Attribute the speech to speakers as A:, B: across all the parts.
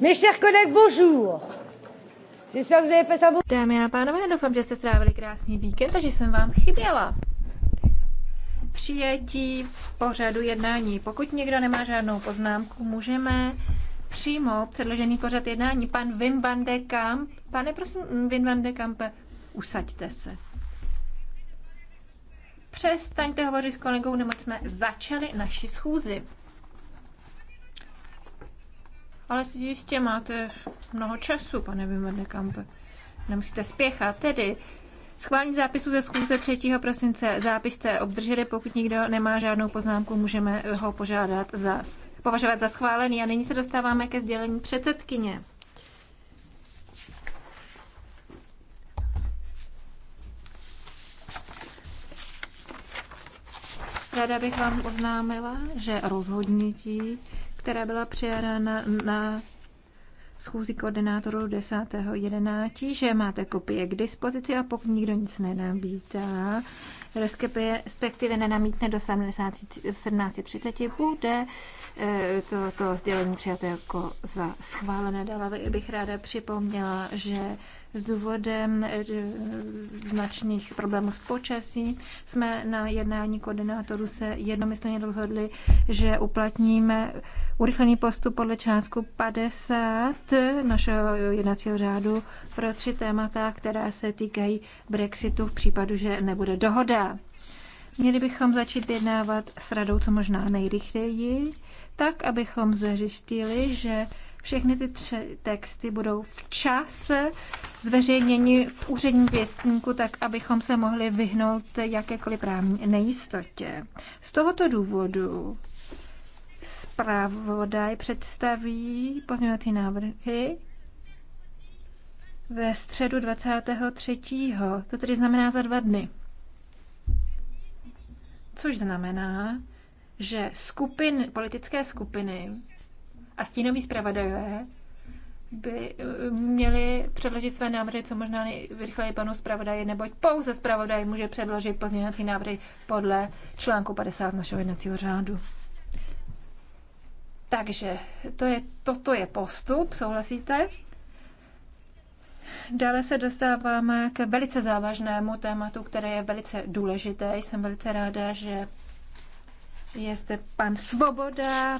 A: Mes chers collègues, bonjour. J'espère que vous avez passé un bon... Dámy a pánové, doufám, že jste strávili krásný víkend a že jsem vám chyběla. Přijetí pořadu jednání. Pokud někdo nemá žádnou poznámku, můžeme přímo předložený pořad jednání. Pan Wim van de Kamp, pane prosím, Wim van de Kamp, usaďte se. Přestaňte hovořit s kolegou, nebo jsme začali naši schůzi. Ale jistě máte mnoho času, pane Kampe. Nemusíte spěchat. Tedy Schválení zápisu ze schůze 3. prosince. Zápis jste obdrželi, pokud nikdo nemá žádnou poznámku, můžeme ho požádat za, považovat za schválený. A nyní se dostáváme ke sdělení předsedkyně. Ráda bych vám oznámila, že rozhodnutí která byla přijána na, na schůzi koordinátorů 10.11., že máte kopie k dispozici a pokud nikdo nic nenabítá, respektive nenamítne do 17.30, bude eh, to, to sdělení přijato jako za schválené. Dále bych ráda připomněla, že s důvodem eh, značných problémů s počasí. Jsme na jednání koordinátorů se jednomyslně rozhodli, že uplatníme urychlený postup podle článku 50 našeho jednacího řádu pro tři témata, která se týkají Brexitu v případu, že nebude dohoda. Měli bychom začít vyjednávat s radou co možná nejrychleji, tak abychom zařištili, že všechny ty tři texty budou včas zveřejněni v úředním věstníku, tak abychom se mohli vyhnout jakékoliv právní nejistotě. Z tohoto důvodu zpravodaj představí pozměňovací návrhy ve středu 23. To tedy znamená za dva dny. Což znamená, že skupin, politické skupiny a stínoví zpravodajové by eh, měli předložit své návrhy co možná nejrychleji panu zpravodaji, neboť pouze zpravodaj může předložit pozměňovací návrhy podle článku 50 našeho jednacího řádu. Takže to je, toto je postup, souhlasíte? Dále se dostáváme k velice závažnému tématu, které je velice důležité. Jsem velice ráda, že je zde pan Svoboda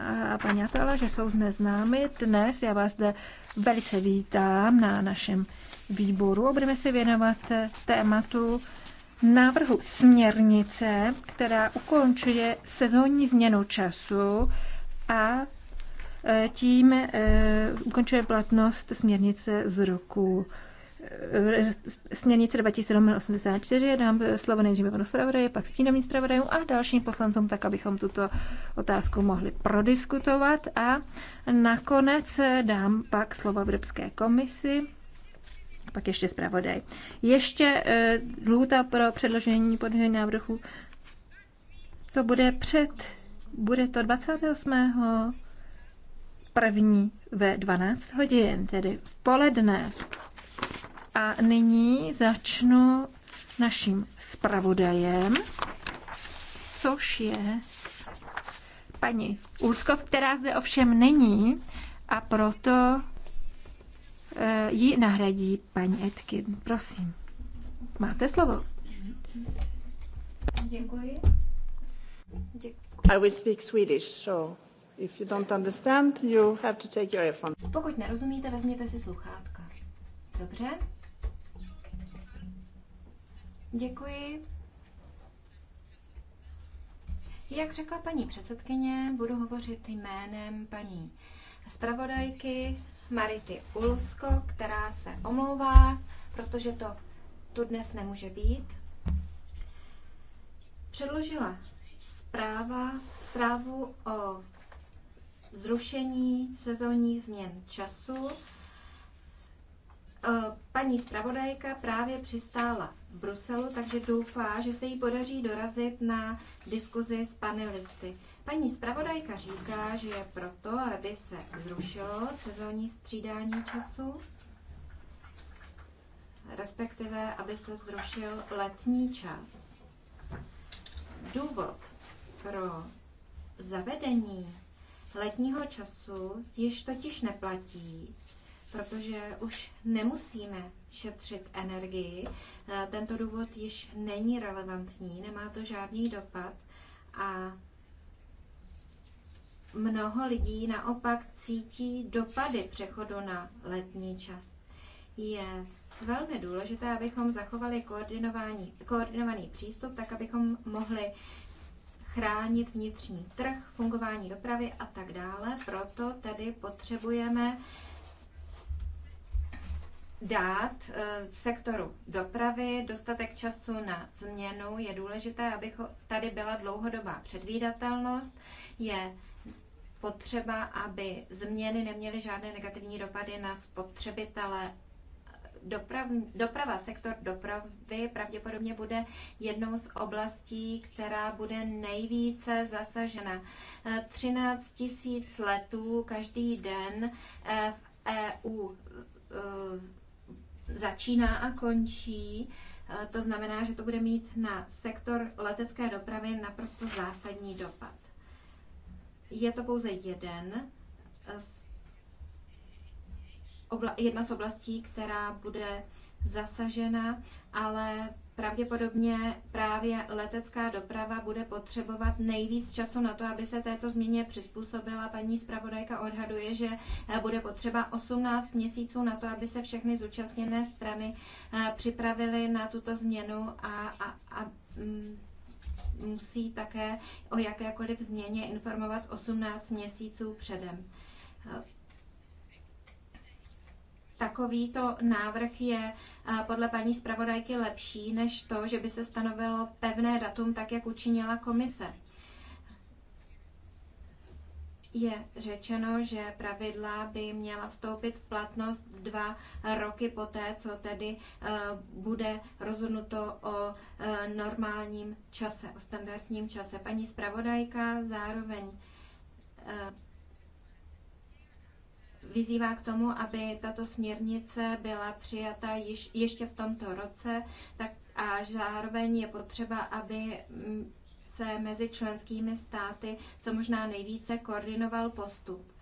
A: a paní Atala, že jsou dnes námi. Dnes já vás zde velice vítám na našem výboru a budeme se věnovat tématu návrhu směrnice, která ukončuje sezónní změnu času a e, tím e, ukončuje platnost směrnice z roku Eh, směrnice 2784, dám slovo nejdříve panu zpravodaji, pak stínovým zpravodajům a dalším poslancům, tak abychom tuto otázku mohli prodiskutovat. A nakonec dám pak slovo Evropské komisi, pak ještě zpravodaj. Ještě eh, lhůta pro předložení podmínek návrhu, to bude před, bude to 28. první ve 12 hodin, tedy v poledne. A nyní začnu naším zpravodajem, což je paní Úskov, která zde ovšem není a proto eh, ji nahradí paní Etkin. Prosím, máte slovo.
B: Děkuji. Děkuji.
A: I will speak Swedish, so if you don't understand, you have to take your earphone.
B: Pokud nerozumíte, vezměte si sluchátka. Dobře, Děkuji. Jak řekla paní předsedkyně, budu hovořit jménem paní zpravodajky Marity Ulsko, která se omlouvá, protože to tu dnes nemůže být. Předložila zpráva, zprávu o zrušení sezónních změn času Eh, paní zpravodajka právě přistála v Bruselu, takže doufá, že se jí podaří dorazit na diskuzi s panelisty. Paní zpravodajka říká, že je proto, aby se zrušilo sezónní střídání času, respektive aby se zrušil letní čas. Důvod pro zavedení letního času již totiž neplatí, protože už nemusíme šetřit energii. Eh, tento důvod již není relevantní, nemá to žádný dopad a mnoho lidí naopak cítí dopady přechodu na letní čas. Je velmi důležité, abychom zachovali koordinování, koordinovaný přístup, tak abychom mohli chránit vnitřní trh, fungování dopravy a tak dále. Proto tedy potřebujeme dát eh, sektoru dopravy dostatek času na změnu. Je důležité, aby tady byla dlouhodobá předvídatelnost. Je potřeba, aby změny neměly žádné negativní dopady na spotřebitele. Doprav, doprava, sektor dopravy pravděpodobně bude jednou z oblastí, která bude nejvíce zasažena. 13 eh, tisíc letů každý den eh, v EU začíná a končí. Eh, to znamená, že to bude mít na sektor letecké dopravy naprosto zásadní dopad. Je to pouze jeden eh, z jedna z oblastí, která bude zasažena, ale pravděpodobně právě letecká doprava bude potřebovat nejvíc času na to, aby se této změně přizpůsobila. Paní zpravodajka odhaduje, že eh, bude potřeba 18 měsíců na to, aby se všechny zúčastněné strany eh, připravily na tuto změnu a, a, a mm, musí také o jakékoliv změně informovat 18 měsíců předem. Eh, takovýto návrh je eh, podle paní zpravodajky lepší než to, že by se stanovilo pevné datum, tak jak učinila komise. Je řečeno, že pravidla by měla vstoupit v platnost dva roky poté, co tedy eh, bude rozhodnuto o eh, normálním čase, o standardním čase. Paní zpravodajka zároveň vyzývá k tomu, aby tato směrnice byla přijata již, ještě v tomto roce tak a zároveň je potřeba, aby mm, se mezi členskými státy co možná nejvíce koordinoval postup.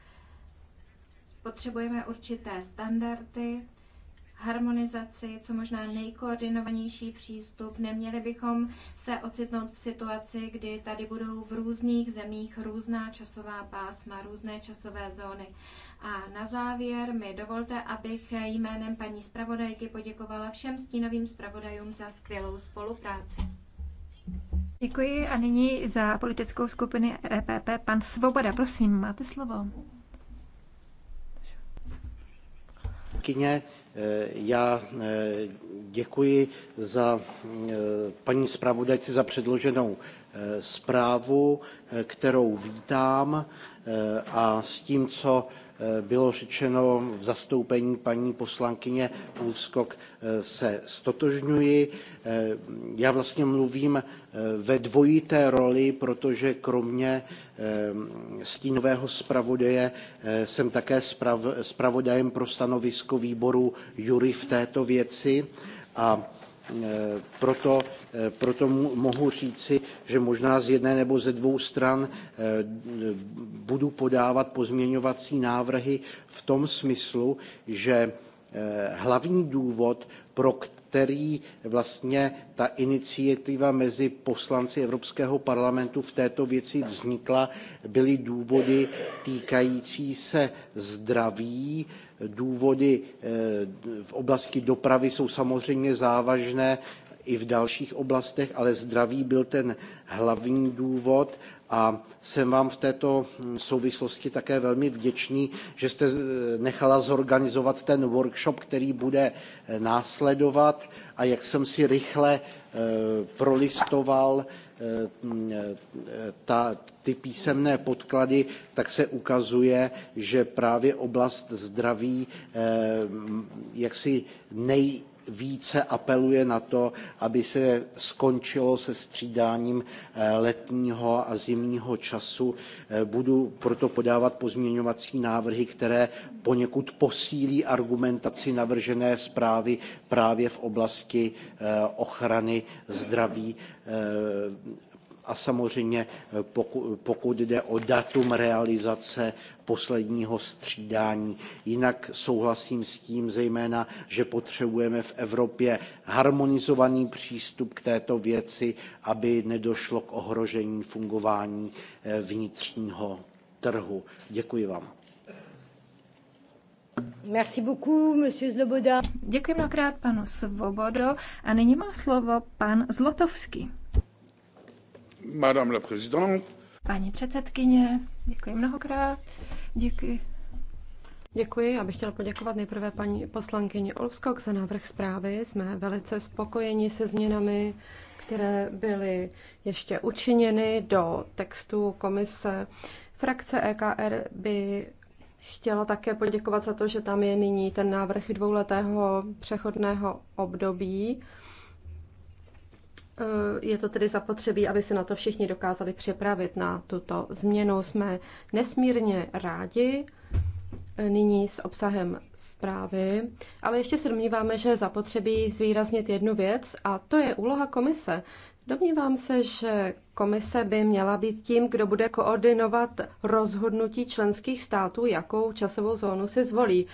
B: Potřebujeme určité standardy, harmonizaci, co možná nejkoordinovanější přístup. Neměli bychom se ocitnout v situaci, kdy tady budou v různých zemích různá časová pásma, různé časové zóny. A na závěr mi dovolte, abych jménem paní zpravodajky poděkovala všem stínovým zpravodajům za skvělou spolupráci.
A: Děkuji a nyní za politickou skupinu EPP pan Svoboda. Prosím, máte slovo.
C: Kyně, Eh, já eh, děkuji za eh, paní zpravodajce za předloženou zprávu, kterou vítám a s tím, co Eh, bylo řečeno v zastoupení paní poslankyně Úskok, eh, se stotožňuji. Eh, já vlastně mluvím ve dvojité roli, protože kromě stínového zpravodaje jsem také zpravodajem pro stanovisko výboru Jury v této věci a Eh, proto, eh, proto mohu říci, že možná z jedné nebo ze dvou stran eh, budu podávat pozměňovací návrhy v tom smyslu, že hlavní důvod, pro který vlastně ta iniciativa mezi poslanci Evropského parlamentu v této věci vznikla, byly důvody týkající se zdraví, důvody eh, v oblasti dopravy jsou samozřejmě závažné i v dalších oblastech, ale zdraví byl ten hlavní důvod a jsem vám v této hm, souvislosti také velmi vděčný, že jste eh, nechala zorganizovat ten workshop, který bude eh, následovat a jak jsem si rychle eh, prolistoval hm, ta, ty písemné podklady, tak se ukazuje, že právě oblast zdraví jaksi nej, více apeluje na to, aby se skončilo se střídáním eh, letního a zimního času. Eh, budu proto podávat pozměňovací návrhy, které poněkud posílí argumentaci navržené zprávy právě v oblasti eh, ochrany zdraví a samozřejmě eh, pokud jde o datum realizace posledního střídání. Jinak souhlasím s tím zejména, že potřebujeme v Evropě harmonizovaný přístup k této věci, aby nedošlo k ohrožení fungování eh, vnitřního trhu. Děkuji vám.
A: Merci beaucoup, monsieur Zloboda. Děkuji mnohokrát panu Svobodo a nyní má slovo pan Zlotovský.
C: Madame la présidente.
D: Paní předsedkyně, děkuji mnohokrát. Děkuji. Děkuji, já bych chtěla poděkovat nejprve paní poslankyni Olskok za návrh zprávy. Jsme velice spokojeni se změnami, které byly ještě učiněny do textu komise. Frakce EKR by chtěla také poděkovat za to, že tam je nyní ten návrh dvouletého přechodného období Eh, je to tedy zapotřebí, aby se na to všichni dokázali připravit na tuto změnu. Jsme nesmírně rádi eh, nyní s obsahem zprávy, ale ještě se domníváme, že zapotřebí zvýraznit jednu věc a to je úloha komise. Domnívám se, že komise by měla být tím, kdo bude koordinovat rozhodnutí členských států, jakou časovou zónu si zvolí.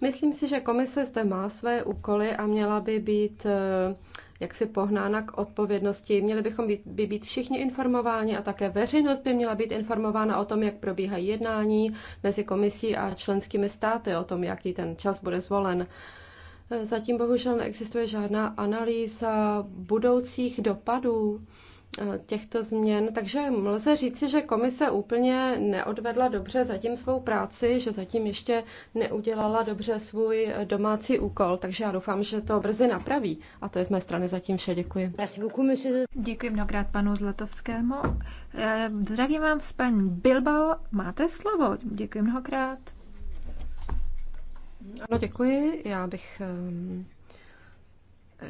D: Myslím si, že komise zde má své úkoly a měla by být eh, jak si pohnána k odpovědnosti. Měli bychom být, by být všichni informováni a také veřejnost by měla být informována o tom, jak probíhají jednání mezi komisí a členskými státy, o tom, jaký ten čas bude zvolen. Zatím bohužel neexistuje žádná analýza budoucích dopadů Eh, těchto změn. Takže lze říci, že komise úplně neodvedla dobře zatím svou práci, že zatím ještě neudělala dobře svůj eh, domácí úkol. Takže já doufám, že to brzy napraví. A to je z mé strany zatím vše. Děkuji. Děkuji mnohokrát panu Zlatovskému. Eh,
A: zdravím vám s paní Bilbao. Máte slovo. Děkuji mnohokrát.
D: Ano, děkuji. Já bych ehm,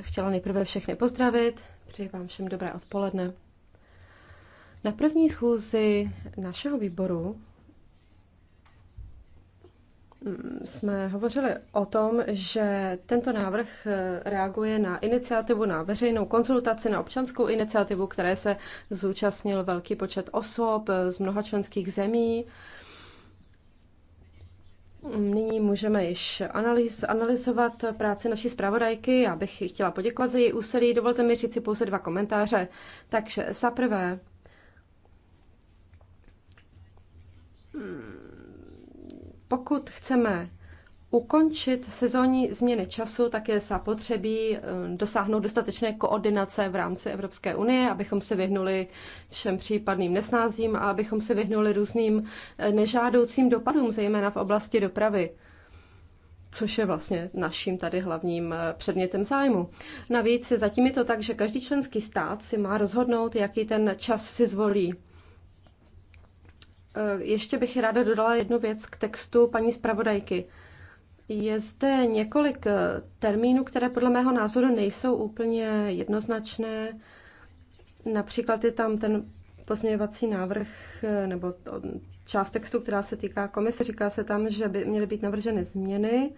D: chtěla nejprve všechny pozdravit Přeji vám všem dobré odpoledne. Na první schůzi našeho výboru mm, jsme hovořili o tom, že tento návrh eh, reaguje na iniciativu, na veřejnou konzultaci, na občanskou iniciativu, které se zúčastnil velký počet osob eh, z mnoha členských zemí. Nyní můžeme již analýz, analyzovat práci naší zpravodajky. Já bych chtěla poděkovat za její úsilí. Dovolte mi říct si pouze dva komentáře. Takže za prvé, mm, pokud chceme ukončit sezónní změny času, tak je zapotřebí eh, dosáhnout dostatečné koordinace v rámci Evropské unie, abychom se vyhnuli všem případným nesnázím a abychom se vyhnuli různým eh, nežádoucím dopadům, zejména v oblasti dopravy což je vlastně naším tady hlavním eh, předmětem zájmu. Navíc zatím je to tak, že každý členský stát si má rozhodnout, jaký ten čas si zvolí. Ještě bych ráda dodala jednu věc k textu paní zpravodajky. Je zde několik eh, termínů, které podle mého názoru nejsou úplně jednoznačné. Například je tam ten pozměňovací návrh eh, nebo část textu, která se týká komise. Říká se tam, že by měly být navrženy změny.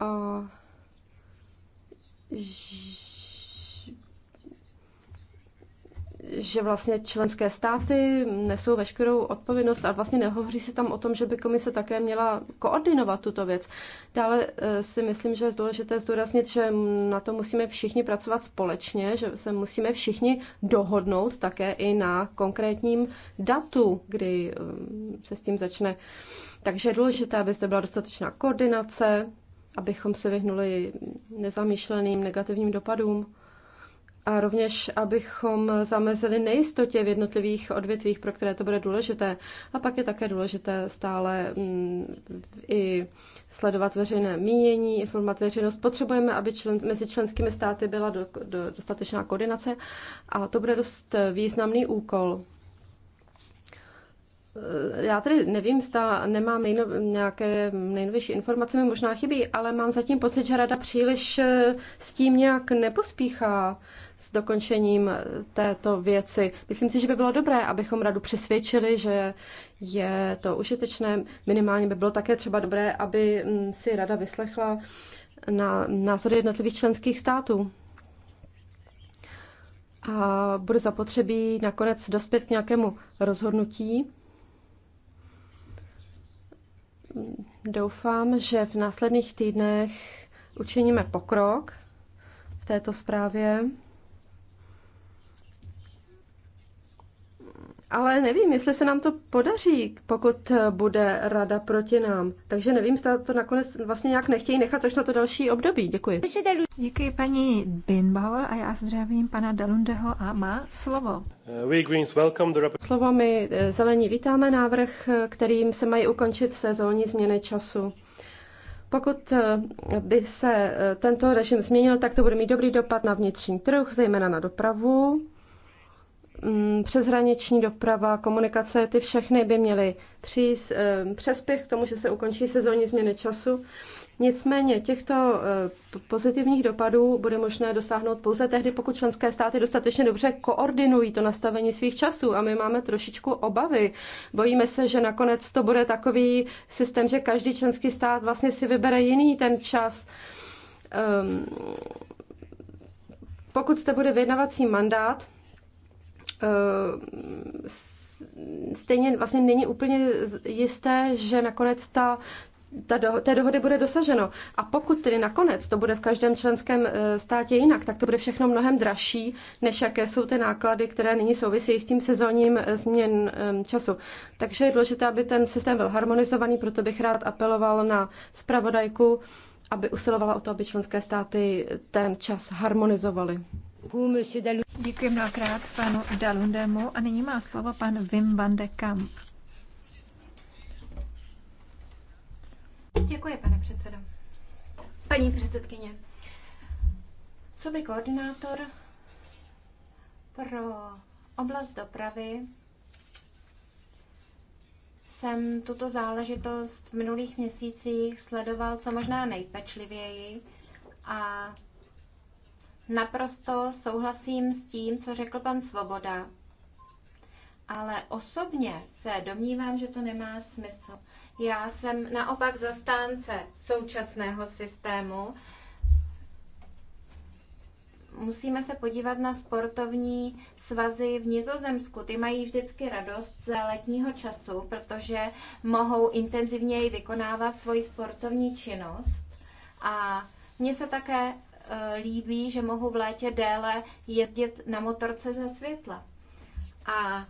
D: A že vlastně členské státy nesou veškerou odpovědnost a vlastně nehovoří se tam o tom, že by komise také měla koordinovat tuto věc. Dále eh, si myslím, že je důležité zdůraznit, že na to musíme všichni pracovat společně, že se musíme všichni dohodnout také i na konkrétním datu, kdy eh, se s tím začne. Takže je důležité, aby zde byla dostatečná koordinace, abychom se vyhnuli nezamýšleným negativním dopadům a rovněž, abychom zamezili nejistotě v jednotlivých odvětvích, pro které to bude důležité. A pak je také důležité stále mm, i sledovat veřejné mínění, informovat veřejnost. Potřebujeme, aby člen, mezi členskými státy byla do, do, dostatečná koordinace a to bude dost významný úkol. Já tedy nevím, zda nemám nejno, nějaké nejnovější informace, mi možná chybí, ale mám zatím pocit, že rada příliš s tím nějak nepospíchá s dokončením eh, této věci. Myslím si, že by bylo dobré, abychom radu přesvědčili, že je to užitečné. Minimálně by bylo také třeba dobré, aby mm, si rada vyslechla eh, na názory jednotlivých členských států. A bude zapotřebí nakonec dospět k nějakému rozhodnutí. Mm, doufám, že v následných týdnech učiníme pokrok v této zprávě. Ale nevím, jestli se nám to podaří, pokud bude rada proti nám. Takže nevím, zda to nakonec vlastně nějak nechtějí nechat až na to další období. Děkuji. Děkuji paní Binbauer a já zdravím pana Dalundeho a má slovo.
C: Uh, we Greens welcome the...
D: Slovo my eh, zelení vítáme návrh, eh, kterým se mají ukončit sezónní změny času. Pokud eh, by se tento režim změnil, tak to bude mít dobrý dopad na vnitřní trh, zejména na dopravu Mm, přeshraniční doprava, komunikace, ty všechny by měly přijít eh, přespěch k tomu, že se ukončí sezónní změny času. Nicméně těchto eh, pozitivních dopadů bude možné dosáhnout pouze tehdy, pokud členské státy dostatečně dobře koordinují to nastavení svých časů. A my máme trošičku obavy. Bojíme se, že nakonec to bude takový systém, že každý členský stát vlastně si vybere jiný ten čas. Ehm, pokud jste bude vyjednavací mandát, Eh, stejně vlastně není úplně jisté, že nakonec ta ta do, té dohody bude dosaženo. A pokud tedy nakonec to bude v každém členském eh, státě jinak, tak to bude všechno mnohem dražší, než jaké jsou ty náklady, které nyní souvisí s tím sezónním eh, změn času. Takže je důležité, aby ten systém byl harmonizovaný, proto bych rád apeloval na zpravodajku, aby usilovala o to, aby členské státy ten čas harmonizovaly.
A: Děkuji mnohokrát panu Dalundemu a nyní má slovo pan Wim van de Kamp.
B: Děkuji, pane předsedo. Paní předsedkyně, co by koordinátor pro oblast dopravy jsem tuto záležitost v minulých měsících sledoval co možná nejpečlivěji a naprosto souhlasím s tím, co řekl pan Svoboda, ale osobně se domnívám, že to nemá smysl. Já jsem naopak zastánce současného systému. Musíme se podívat na sportovní svazy v Nizozemsku. Ty mají vždycky radost z letního času, protože mohou intenzivněji vykonávat svoji sportovní činnost. A mně se také Eh, líbí, že mohu v létě déle jezdit na motorce za světla. A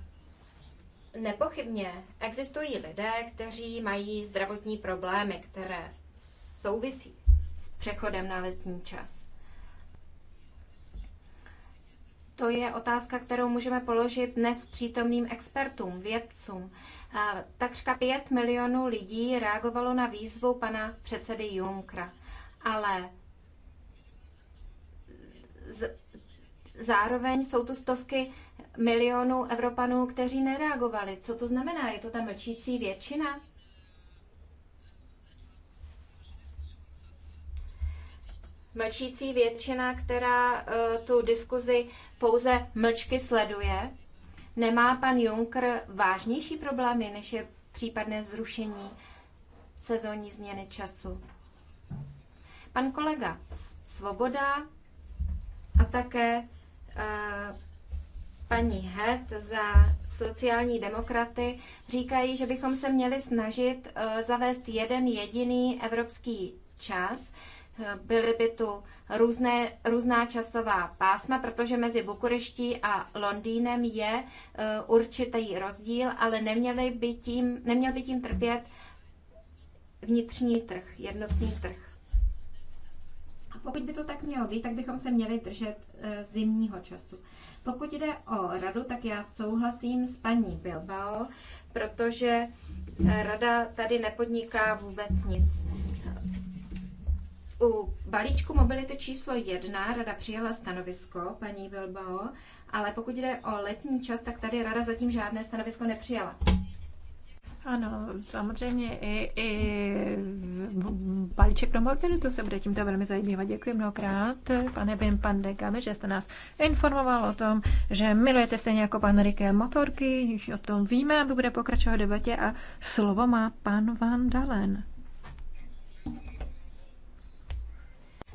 B: nepochybně existují lidé, kteří mají zdravotní problémy, které souvisí s přechodem na letní čas. To je otázka, kterou můžeme položit dnes přítomným expertům, vědcům. Takřka 5 milionů lidí reagovalo na výzvu pana předsedy Junckera. Ale zároveň jsou tu stovky milionů Evropanů, kteří nereagovali. Co to znamená? Je to ta mlčící většina? Mlčící většina, která eh, tu diskuzi pouze mlčky sleduje. Nemá pan Juncker vážnější problémy, než je případné zrušení sezónní změny času? Pan kolega Svoboda a také eh, paní Het za sociální demokraty říkají, že bychom se měli snažit eh, zavést jeden jediný evropský čas. Eh, byly by tu různé, různá časová pásma, protože mezi Bukureští a Londýnem je určitý rozdíl, ale neměli by tím, neměl by tím trpět vnitřní trh, jednotný trh. A pokud by to tak mělo být, tak bychom se měli držet eh, zimního času. Pokud jde o radu, tak já souhlasím s paní Bilbao, protože eh, rada tady nepodniká vůbec nic. U balíčku mobility číslo jedna rada přijala stanovisko paní Bilbao, ale pokud jde o letní čas, tak tady rada zatím žádné stanovisko nepřijala.
A: Ano, samozřejmě i, i balíček pro mortalitu se bude tímto velmi zajímavat. Děkuji mnohokrát, pane Bim Pandegame, že jste nás informoval o tom, že milujete stejně jako pan Riké motorky, už o tom víme aby bude pokračovat debatě a slovo má pan Van Dalen.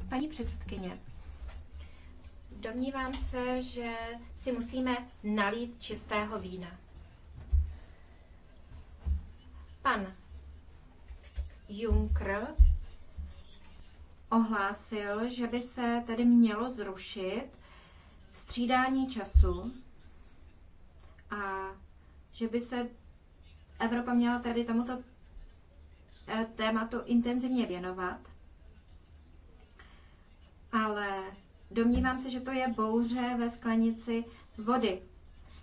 B: Paní předsedkyně, domnívám se, že si musíme nalít čistého vína. Pan Juncker ohlásil, že by se tedy mělo zrušit střídání času a že by se Evropa měla tady tomuto eh, tématu intenzivně věnovat. Ale domnívám se, že to je bouře ve sklenici vody.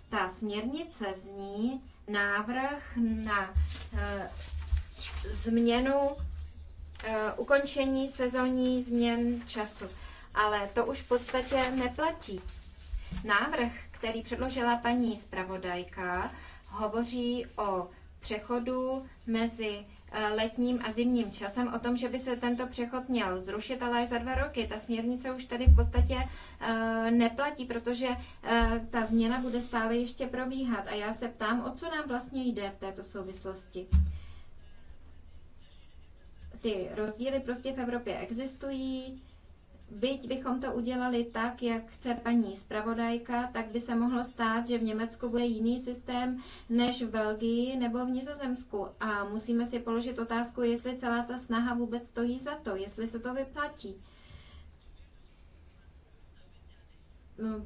B: Ta směrnice zní, návrh na eh, změnu eh, ukončení sezónní změn času. Ale to už v podstatě neplatí. Návrh, který předložila paní zpravodajka, hovoří o přechodu mezi Eh, letním a zimním časem o tom, že by se tento přechod měl zrušit, ale až za dva roky. Ta směrnice už tady v podstatě eh, neplatí, protože eh, ta změna bude stále ještě probíhat. A já se ptám, o co nám vlastně jde v této souvislosti ty rozdíly prostě v Evropě existují byť bychom to udělali tak, jak chce paní zpravodajka, tak by se mohlo stát, že v Německu bude jiný systém než v Belgii nebo v Nizozemsku. A musíme si položit otázku, jestli celá ta snaha vůbec stojí za to, jestli se to vyplatí. No,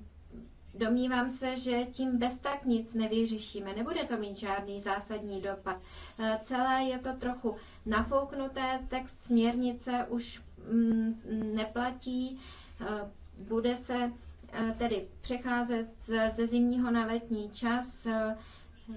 B: domnívám se, že tím bez tak nic nevyřešíme. Nebude to mít žádný zásadní dopad. E, celé je to trochu nafouknuté. Text směrnice už Mm, neplatí, eh, bude se eh, tedy přecházet ze zimního na letní čas. Eh,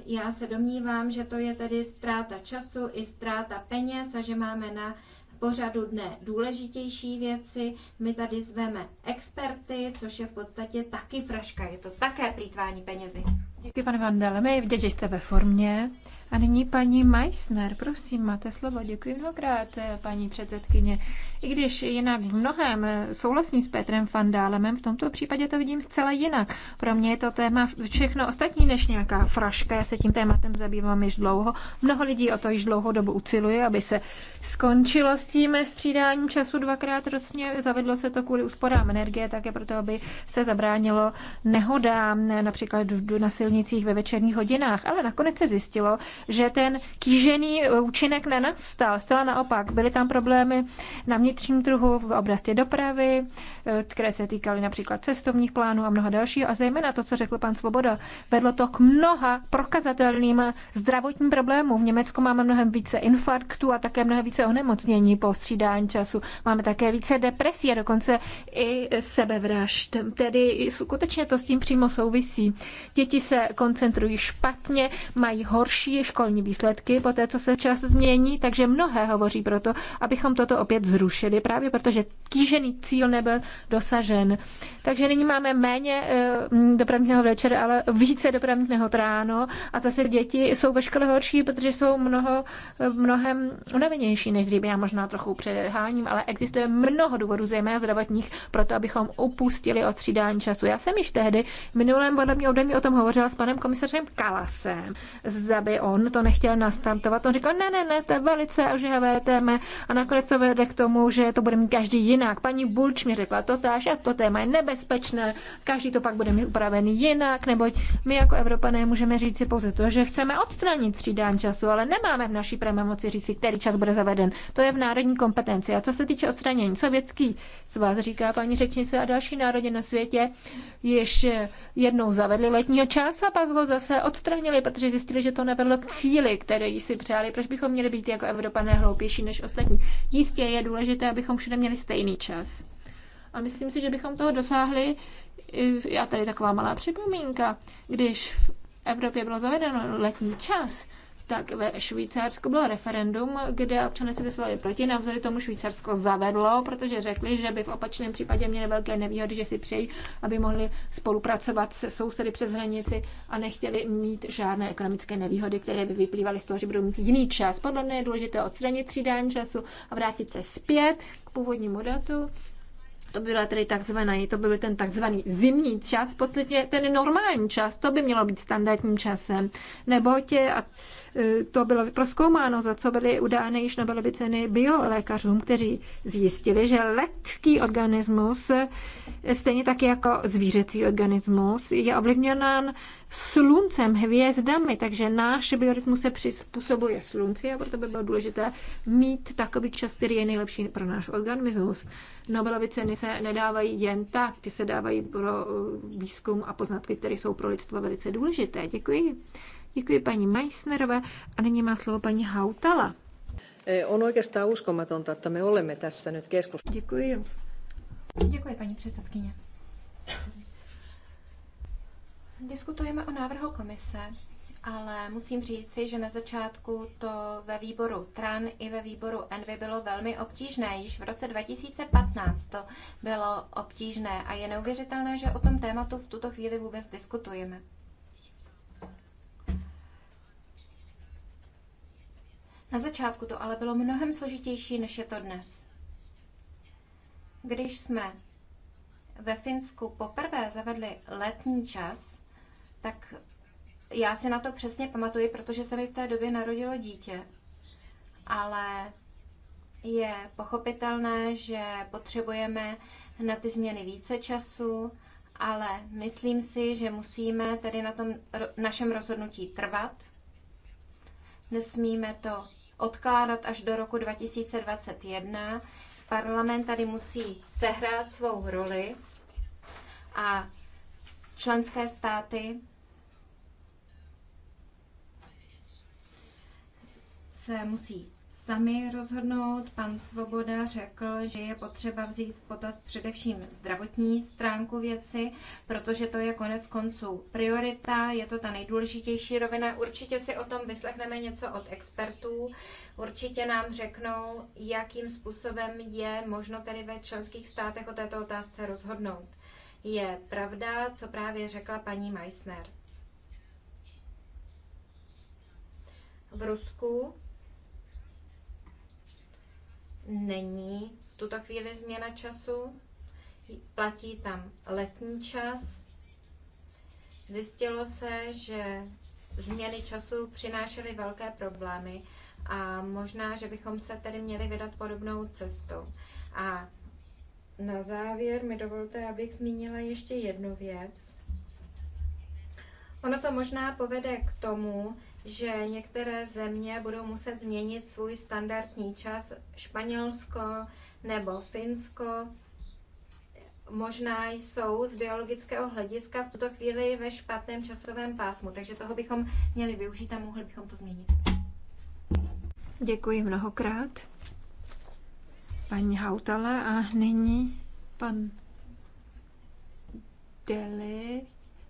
B: já se domnívám, že to je tedy ztráta času i ztráta peněz a že máme na pořadu dne důležitější věci. My tady zveme experty, což je v podstatě taky fraška. Je to také plítvání penězi.
A: Děkuji, pane Van my vidět, že jste ve formě. A nyní paní Meissner, prosím, máte slovo. Děkuji mnohokrát, paní předsedkyně. I když jinak v mnohem souhlasím s Petrem Van v tomto případě to vidím zcela jinak. Pro mě je to téma všechno ostatní než nějaká fraška. Já se tím tématem zabývám již dlouho. Mnoho lidí o to již dlouho dobu uciluje, aby se skončilo s tím střídáním času dvakrát ročně. Zavedlo se to kvůli úsporám energie, také proto, aby se zabránilo nehodám, například na silnici silnicích ve večerních hodinách, ale nakonec se zjistilo, že ten kýžený eh, účinek nenastal. Zcela naopak, byly tam problémy na vnitřním trhu v oblasti dopravy, eh, které se týkaly například cestovních plánů a mnoha dalšího. A zejména to, co řekl pan Svoboda, vedlo to k mnoha prokazatelným zdravotním problémům. V Německu máme mnohem více infarktů a také mnohem více onemocnění po střídání času. Máme také více depresí a dokonce i sebevražd. Tedy skutečně to s tím přímo souvisí. Děti se koncentrují špatně, mají horší školní výsledky po té, co se čas změní, takže mnohé hovoří proto, abychom toto opět zrušili, právě protože kýžený cíl nebyl dosažen. Takže nyní máme méně eh, mm, dopravního večera, ale více dopravního tráno a zase děti jsou ve škole horší, protože jsou mnoho, eh, mnohem unavenější než dříve. Já možná trochu přeháním, ale existuje mnoho důvodů, zejména zdravotních, proto abychom upustili od střídání času. Já jsem již tehdy minulém volebním období o tom hovořila s panem komisařem Kalasem, by on to nechtěl nastartovat. On říkal, ne, ne, ne, to je velice ožehavé téma a nakonec to vede k tomu, že to bude mít každý jinak. Paní Bulč mi řekla to táž a to téma je nebezpečné, každý to pak bude mít upravený jinak, neboť my jako Evropané můžeme říct si pouze to, že chceme odstranit střídání času, ale nemáme v naší pravomoci říct který čas bude zaveden. To je v národní kompetenci. A co se týče odstranění, sovětský svaz, říká paní řečnice a další národy na světě, již jednou zavedli letního čas, a pak ho zase odstranili, protože zjistili, že to nevedlo k cíli, který si přáli. Proč bychom měli být jako Evropané hloupější než ostatní? Jistě je důležité, abychom všude měli stejný čas. A myslím si, že bychom toho dosáhli, já tady taková malá připomínka, když v Evropě bylo zavedeno letní čas, tak ve Švýcarsku bylo referendum, kde občané se vyslovili proti. Navzory tomu Švýcarsko zavedlo, protože řekli, že by v opačném případě měli velké nevýhody, že si přejí, aby mohli spolupracovat se sousedy přes hranici a nechtěli mít žádné ekonomické nevýhody, které by vyplývaly z toho, že budou mít jiný čas. Podle mě je důležité odstranit třídání času a vrátit se zpět k původnímu datu. To byla tedy takzvaný, to byl ten takzvaný zimní čas, v podstatě ten normální čas, to by mělo být standardním časem, neboť a Eh, to bylo proskoumáno, za co byly udány již Nobelovy ceny biolékařům, kteří zjistili, že lidský organismus, eh, stejně tak jako zvířecí organismus, je ovlivněn sluncem, hvězdami, takže náš biorytmus se přizpůsobuje slunci a proto by bylo důležité mít takový čas, který je nejlepší pro náš organismus. Nobelovy ceny se nedávají jen tak, ty se dávají pro eh, výzkum a poznatky, které jsou pro lidstvo velice důležité. Děkuji. Děkuji paní Meissnerové a nyní má slovo paní Hautala. E, on oikeastaan uskomatonta, että me olemme tässä nyt keskus. Děkuji.
B: Děkuji, paní předsedkyně. Diskutujeme o návrhu komise, ale musím říci, že na začátku to ve výboru TRAN i ve výboru ENVY bylo velmi obtížné. Již v roce 2015 to bylo obtížné a je neuvěřitelné, že o tom tématu v tuto chvíli vůbec diskutujeme. Na začátku to ale bylo mnohem složitější, než je to dnes. Když jsme ve Finsku poprvé zavedli letní čas, tak já si na to přesně pamatuji, protože se mi v té době narodilo dítě. Ale je pochopitelné, že potřebujeme na ty změny více času, ale myslím si, že musíme tedy na tom našem rozhodnutí trvat. Nesmíme to odkládat až do roku 2021. Parlament tady musí sehrát svou roli a členské státy se musí sami rozhodnout. Pan Svoboda řekl, že je potřeba vzít v potaz především zdravotní stránku věci, protože to je konec konců priorita, je to ta nejdůležitější rovina. Určitě si o tom vyslechneme něco od expertů, určitě nám řeknou, jakým způsobem je možno tedy ve členských státech o této otázce rozhodnout. Je pravda, co právě řekla paní Meissner. V Rusku není v tuto chvíli změna času, platí tam letní čas. Zjistilo se, že změny času přinášely velké problémy a možná, že bychom se tedy měli vydat podobnou cestou. A na závěr mi dovolte, abych zmínila ještě jednu věc. Ono to možná povede k tomu, že některé země budou muset změnit svůj standardní čas. Španělsko nebo Finsko možná jsou z biologického hlediska v tuto chvíli ve špatném časovém pásmu, takže toho bychom měli využít a mohli bychom to změnit.
A: Děkuji mnohokrát paní Hautale a nyní pan Deli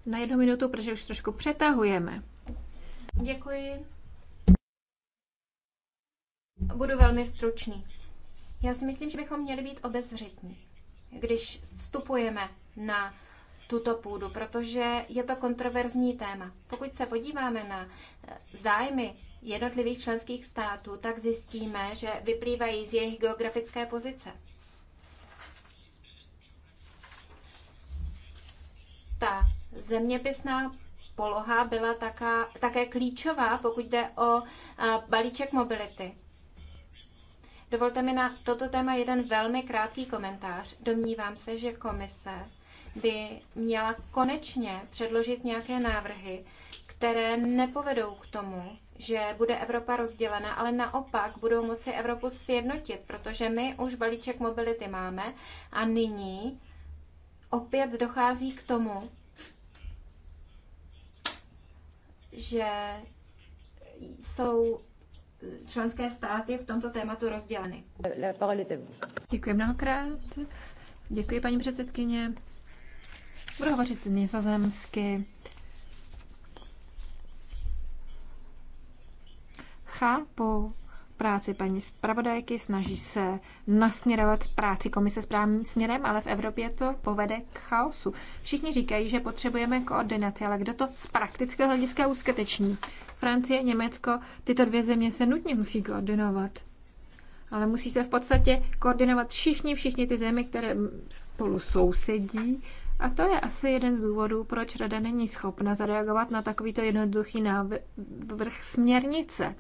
A: na jednu minutu, protože už trošku přetahujeme.
B: Děkuji. Budu velmi stručný. Já si myslím, že bychom měli být obezřetní, když vstupujeme na tuto půdu, protože je to kontroverzní téma. Pokud se podíváme na eh, zájmy jednotlivých členských států, tak zjistíme, že vyplývají z jejich geografické pozice. Ta zeměpisná poloha byla taká, také klíčová, pokud jde o balíček mobility. Dovolte mi na toto téma jeden velmi krátký komentář. Domnívám se, že komise by měla konečně předložit nějaké návrhy, které nepovedou k tomu, že bude Evropa rozdělena, ale naopak budou moci Evropu sjednotit, protože my už balíček mobility máme a nyní opět dochází k tomu,
A: že jsou členské státy v tomto tématu rozděleny. Děkuji mnohokrát. Děkuji, paní předsedkyně. Budu hovořit nizozemsky. Chápu práci paní zpravodajky, snaží se nasměrovat práci komise správným směrem, ale v Evropě to povede k chaosu. Všichni říkají, že potřebujeme koordinaci, ale kdo to z praktického hlediska uskuteční? Francie, Německo, tyto dvě země se nutně musí koordinovat. Ale musí se v podstatě koordinovat všichni, všichni ty země, které spolu sousedí, a to je asi jeden z důvodů, proč Rada není schopna zareagovat na takovýto jednoduchý návrh směrnice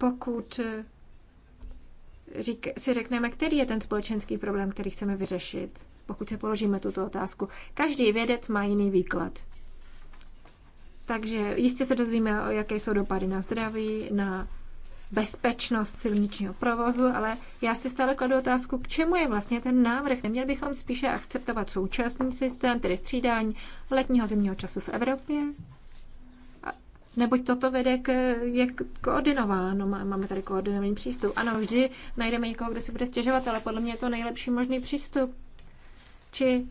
A: pokud eh, si řekneme, který je ten společenský problém, který chceme vyřešit, pokud si položíme tuto otázku. Každý vědec má jiný výklad. Takže jistě se dozvíme, jaké jsou dopady na zdraví, na bezpečnost silničního provozu, ale já si stále kladu otázku, k čemu je vlastně ten návrh. Neměli bychom spíše akceptovat současný systém, tedy střídání letního zimního času v Evropě? neboť toto vede k, je koordinováno, máme tady koordinovaný přístup. Ano, vždy najdeme někoho, kdo si bude stěžovat, ale podle mě je to nejlepší možný přístup. Či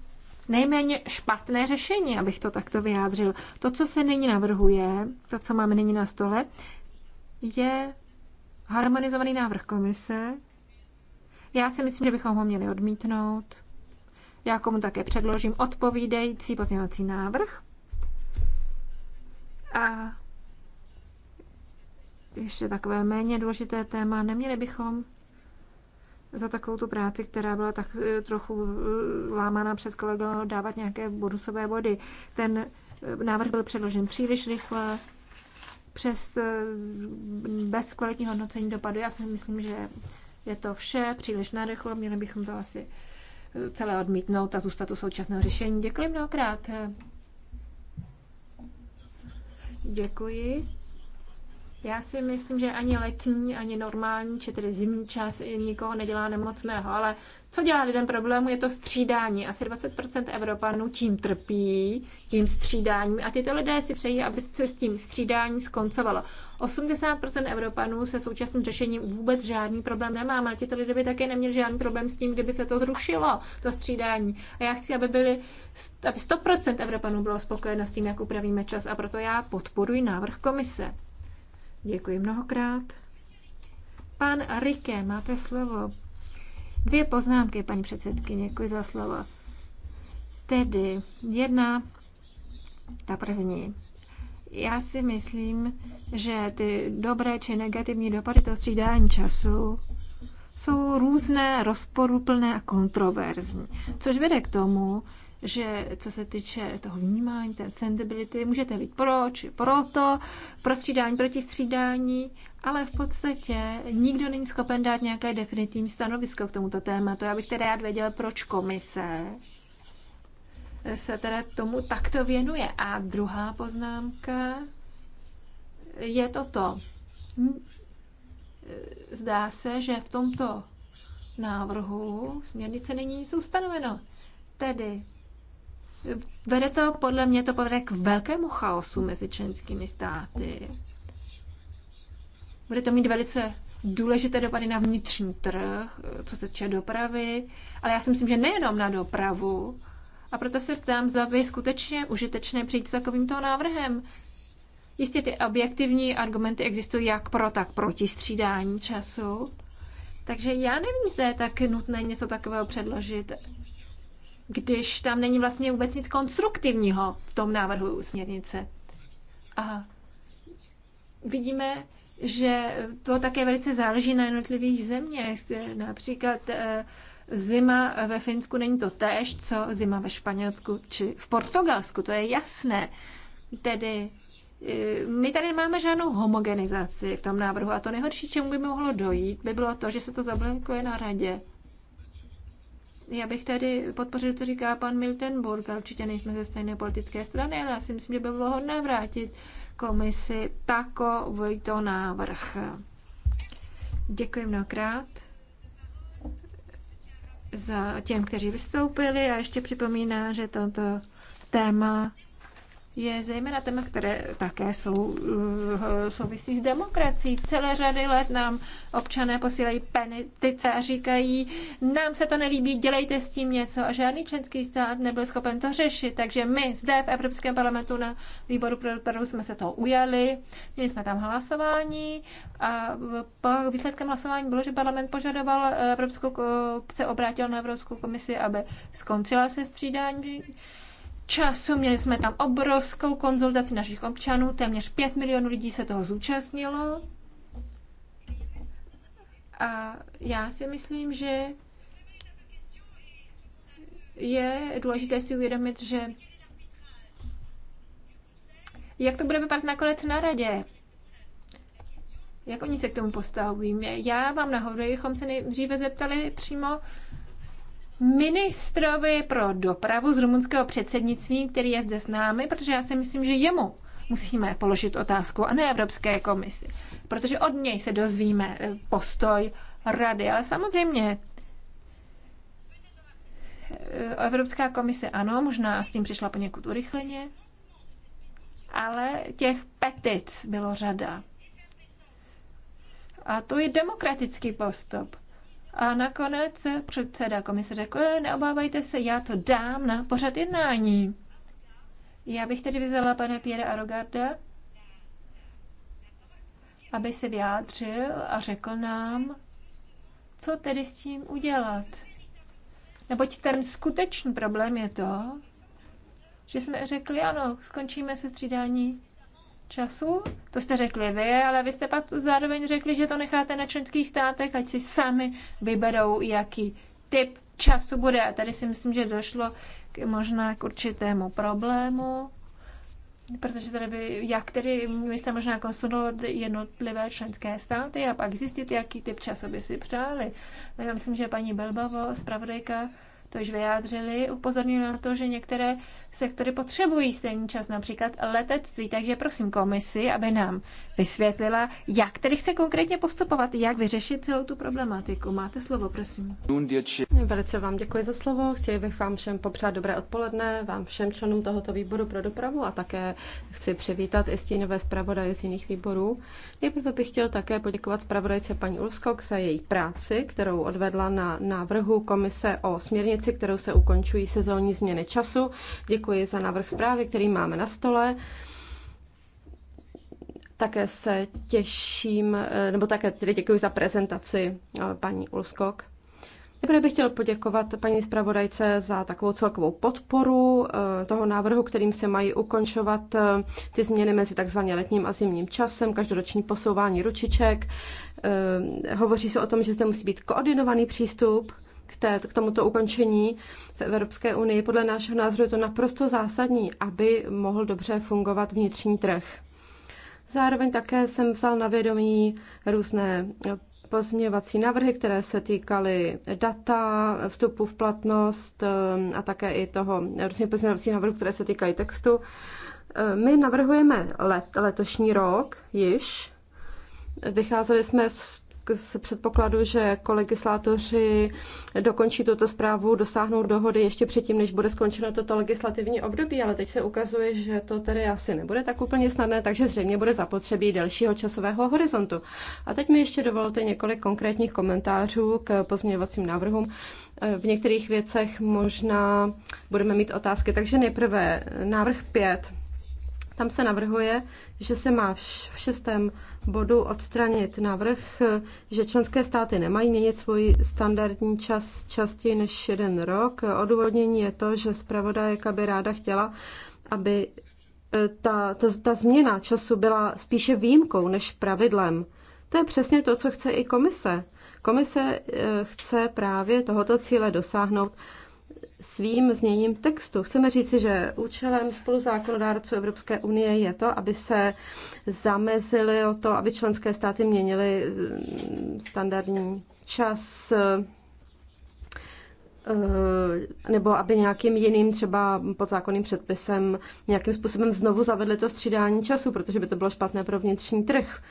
A: nejméně špatné řešení, abych to takto vyjádřil. To, co se nyní navrhuje, to, co máme nyní na stole, je harmonizovaný návrh komise. Já si myslím, že bychom ho měli odmítnout. Já komu také předložím odpovídající pozměňovací návrh. A ještě takové méně důležité téma. Neměli bychom za takovou tu práci, která byla tak eh, trochu eh, lámána před kolegou, dávat nějaké bonusové body. Ten eh, návrh byl předložen příliš rychle, přes bez kvalitního hodnocení dopadu. Já si myslím, že je to vše příliš narychlo, měli bychom to asi celé odmítnout a zůstat u současného řešení. Děkuji mnohokrát. Děkuji. Já si myslím, že ani letní, ani normální, či tedy zimní čas nikoho nedělá nemocného, ale co dělá lidem problému, je to střídání. Asi 20% Evropanů tím trpí, tím střídáním a tyto lidé si přejí, aby se s tím střídáním skoncovalo. 80% Evropanů se současným řešením vůbec žádný problém nemá, ale tyto lidé by také neměli žádný problém s tím, kdyby se to zrušilo, to střídání. A já chci, aby, byli, aby 100% Evropanů bylo spokojeno s tím, jak upravíme čas a proto já podporuji návrh komise. Děkuji mnohokrát. Pan Rike, máte slovo. Dvě poznámky, paní předsedkyně, děkuji za slovo. Tedy jedna, ta první. Já si myslím, že ty dobré či negativní dopady toho střídání času jsou různé, rozporuplné a kontroverzní, což vede k tomu, že co se týče toho vnímání, té sensibility, můžete být proč, proto, pro střídání, proti střídání, ale v podstatě nikdo není schopen dát nějaké definitivní stanovisko k tomuto tématu. Já bych teda rád věděla, proč komise se teda tomu takto věnuje. A druhá poznámka je toto. Zdá se, že v tomto návrhu směrnice není nic ustanoveno. Tedy Vede to, podle mě to povede k velkému chaosu mezi členskými státy. Bude to mít velice důležité dopady na vnitřní trh, co se týče dopravy, ale já si myslím, že nejenom na dopravu. A proto se ptám, zda by skutečně užitečné přijít s takovýmto návrhem. Jistě ty objektivní argumenty existují jak pro, tak proti střídání času. Takže já nevím, zda je tak nutné něco takového předložit když tam není vlastně vůbec nic konstruktivního v tom návrhu směrnice. A vidíme, že to také velice záleží na jednotlivých zeměch. Například eh, zima ve Finsku není to též, co zima ve Španělsku či v Portugalsku, to je jasné. Tedy eh, my tady nemáme žádnou homogenizaci v tom návrhu a to nejhorší, čemu by mohlo dojít, by bylo to, že se to zablokuje na radě. Já bych tady podpořil, co říká pan Miltenburg, ale určitě nejsme ze stejné politické strany, ale já si myslím, že by bylo hodné vrátit komisi takový to návrh. Děkuji mnohokrát za těm, kteří vystoupili a ještě připomíná, že toto téma je zejména téma, které také jsou, eh, souvisí s demokracií. Celé řady let nám občané posílají petice a říkají, nám se to nelíbí, dělejte s tím něco a žádný členský stát nebyl schopen to řešit. Takže my zde v Evropském parlamentu na výboru pro dopravu jsme se to ujali, měli jsme tam hlasování a po výsledkem hlasování bylo, že parlament požadoval eh, Evropskou, se obrátil na Evropskou komisi, aby skončila se střídání času. Měli jsme tam obrovskou konzultaci našich občanů, téměř 5 milionů lidí se toho zúčastnilo. A já si myslím, že je důležité si uvědomit, že jak to bude vypadat nakonec na radě. Jak oni se k tomu postavují? Já vám nahoru, abychom se nejdříve zeptali přímo ministrovi pro dopravu z rumunského předsednictví, který je zde s námi, protože já si myslím, že jemu musíme položit otázku a ne Evropské komisi, protože od něj se dozvíme eh, postoj rady, ale samozřejmě eh, Evropská komise ano, možná s tím přišla poněkud urychleně, ale těch petic bylo řada. A to je demokratický postup. A nakonec předseda komise řekl, neobávajte se, já to dám na pořad jednání. Já bych tedy vyzvala pana Pěra Arogarda, aby se vyjádřil a řekl nám, co tedy s tím udělat. Neboť ten skutečný problém je to, že jsme řekli, ano, skončíme se střídání času. To jste řekli vy, ale vy jste pak zároveň řekli, že to necháte na členských státech, ať si sami vyberou, jaký typ času bude. A tady si myslím, že došlo k, možná k určitému problému, protože tady by, jak tedy jste možná konsultovat jednotlivé členské státy a pak zjistit, jaký typ času by si přáli. Já myslím, že paní Belbavo, zpravodajka, to vyjádřili, upozornili na to, že některé sektory potřebují stejný čas, například letectví. Takže prosím komisi, aby nám
D: vysvětlila, jak tedy chce konkrétně postupovat, jak vyřešit celou tu problematiku. Máte slovo, prosím. Velice vám děkuji za slovo. Chtěli bych vám všem popřát dobré odpoledne, vám všem členům tohoto výboru pro dopravu a také chci přivítat i stínové zpravodaje z jiných výborů. Nejprve bych chtěl také poděkovat zpravodajce paní Ulskok za její práci, kterou odvedla na návrhu komise o směrnici hranici, kterou se ukončují sezónní změny času. Děkuji za návrh zprávy, který máme na stole. Také se těším, eh, nebo také tedy děkuji za prezentaci eh, paní Ulskok. Nejprve bych chtěl poděkovat paní zpravodajce za takovou celkovou podporu eh, toho návrhu, kterým se mají ukončovat ty změny mezi takzvaně letním a zimním časem, každoroční posouvání ručiček. Hovoří se o tom, že zde musí být koordinovaný přístup k, té, k tomuto ukončení v Evropské unii. Podle našeho názoru je to naprosto zásadní, aby mohl dobře fungovat vnitřní trh. Zároveň také jsem vzal na vědomí různé pozměňovací návrhy, které se týkaly data, vstupu v platnost um, a také i toho různě pozměňovací návrhu, které se týkají textu. Um, my navrhujeme let, letošní rok již. Vycházeli jsme z se předpokladu, že legislátoři dokončí tuto zprávu, dosáhnou dohody ještě předtím, než bude skončeno toto legislativní období, ale teď se ukazuje, že to tedy asi nebude tak úplně snadné, takže zřejmě bude zapotřebí delšího časového horizontu. A teď mi ještě dovolte několik konkrétních komentářů k pozměňovacím návrhům. V některých věcech možná budeme mít otázky, takže nejprve návrh 5 tam se navrhuje, že se má v šestém bodu odstranit návrh, že členské státy nemají měnit svůj standardní čas častěji než jeden rok. Odůvodnění je to, že zpravodajka by ráda chtěla, aby e, ta, ta, ta změna času byla spíše výjimkou než pravidlem. To je přesně to, co chce i komise. Komise e, chce právě tohoto cíle dosáhnout svým zněním textu. Chceme říci, že účelem spoluzákonodárců Evropské unie je to, aby se zamezili o to, aby členské státy měnily mm, standardní čas eh, nebo aby nějakým jiným třeba podzákonným předpisem nějakým způsobem znovu zavedli to střídání času, protože by to bylo špatné pro vnitřní trh.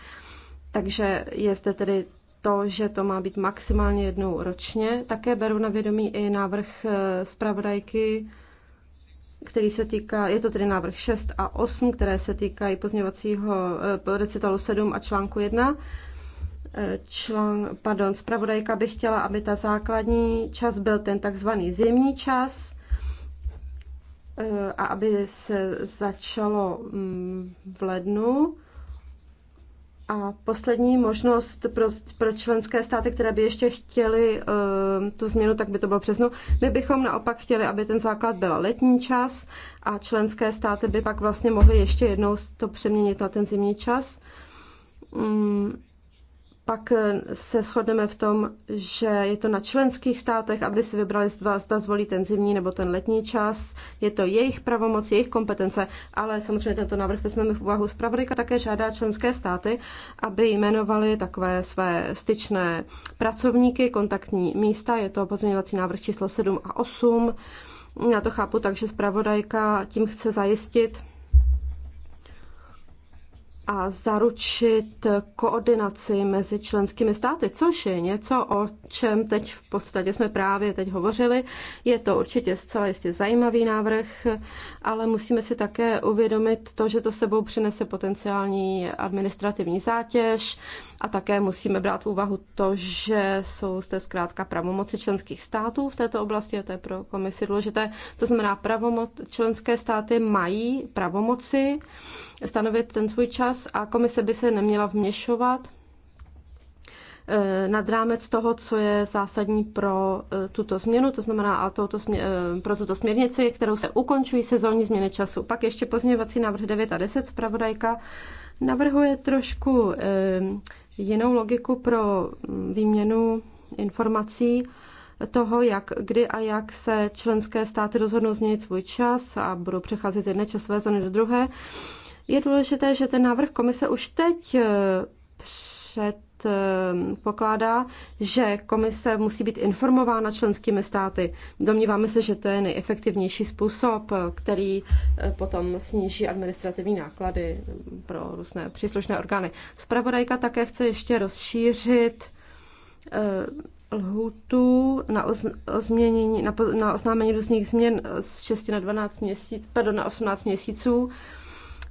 D: Takže je zde tedy to, že to má být maximálně jednou ročně. Také beru na vědomí i návrh eh, zpravodajky, který se týká, je to tedy návrh 6 a 8, které se týkají pozněvacího eh, recitalu 7 a článku 1. Eh, člán, pardon, zpravodajka by chtěla, aby ta základní čas byl ten takzvaný zimní čas, a aby se začalo mm, v lednu a poslední možnost pro, pro členské státy, které by ještě chtěly uh, tu změnu, tak by to bylo přesno. My bychom naopak chtěli, aby ten základ byl letní čas a členské státy by pak vlastně mohly ještě jednou to přeměnit na ten zimní čas. Um, pak eh, se shodneme v tom, že je to na členských státech, aby si vybrali, zda, zda zvolí ten zimní nebo ten letní čas. Je to jejich pravomoc, jejich kompetence, ale samozřejmě tento návrh vezmeme v úvahu. Zpravodajka také žádá členské státy, aby jmenovali takové své styčné pracovníky, kontaktní místa. Je to pozměňovací návrh číslo 7 a 8. Já to chápu tak, že zpravodajka tím chce zajistit, a zaručit koordinaci mezi členskými státy, což je něco, o čem teď v podstatě jsme právě teď hovořili. Je to určitě zcela jistě zajímavý návrh, ale musíme si také uvědomit to, že to sebou přinese potenciální administrativní zátěž a také musíme brát v úvahu to, že jsou zde zkrátka pravomoci členských států v této oblasti, a to je pro komisi důležité. To znamená, pravomoc, členské státy mají pravomoci stanovit ten svůj čas a komise by se neměla vměšovat eh, nad rámec toho, co je zásadní pro eh, tuto změnu, to znamená a touto směr, eh, pro tuto směrnici, kterou se ukončují sezónní změny času. Pak ještě pozměňovací návrh 9 a 10 zpravodajka navrhuje trošku jinou logiku pro mm, výměnu informací toho, jak, kdy a jak se členské státy rozhodnou změnit svůj čas a budou přecházet z jedné časové zóny do druhé. Je důležité, že ten návrh komise už teď eh, před eh, pokládá, že komise musí být informována členskými státy. Domníváme se, že to je nejefektivnější způsob, eh, který potom sníží administrativní náklady mm, pro různé příslušné orgány. Spravodajka také chce ještě rozšířit lhůtu na, ozměnění, na, na oznámení různých změn z 6 na 12 měsíc, pardon, na 18 měsíců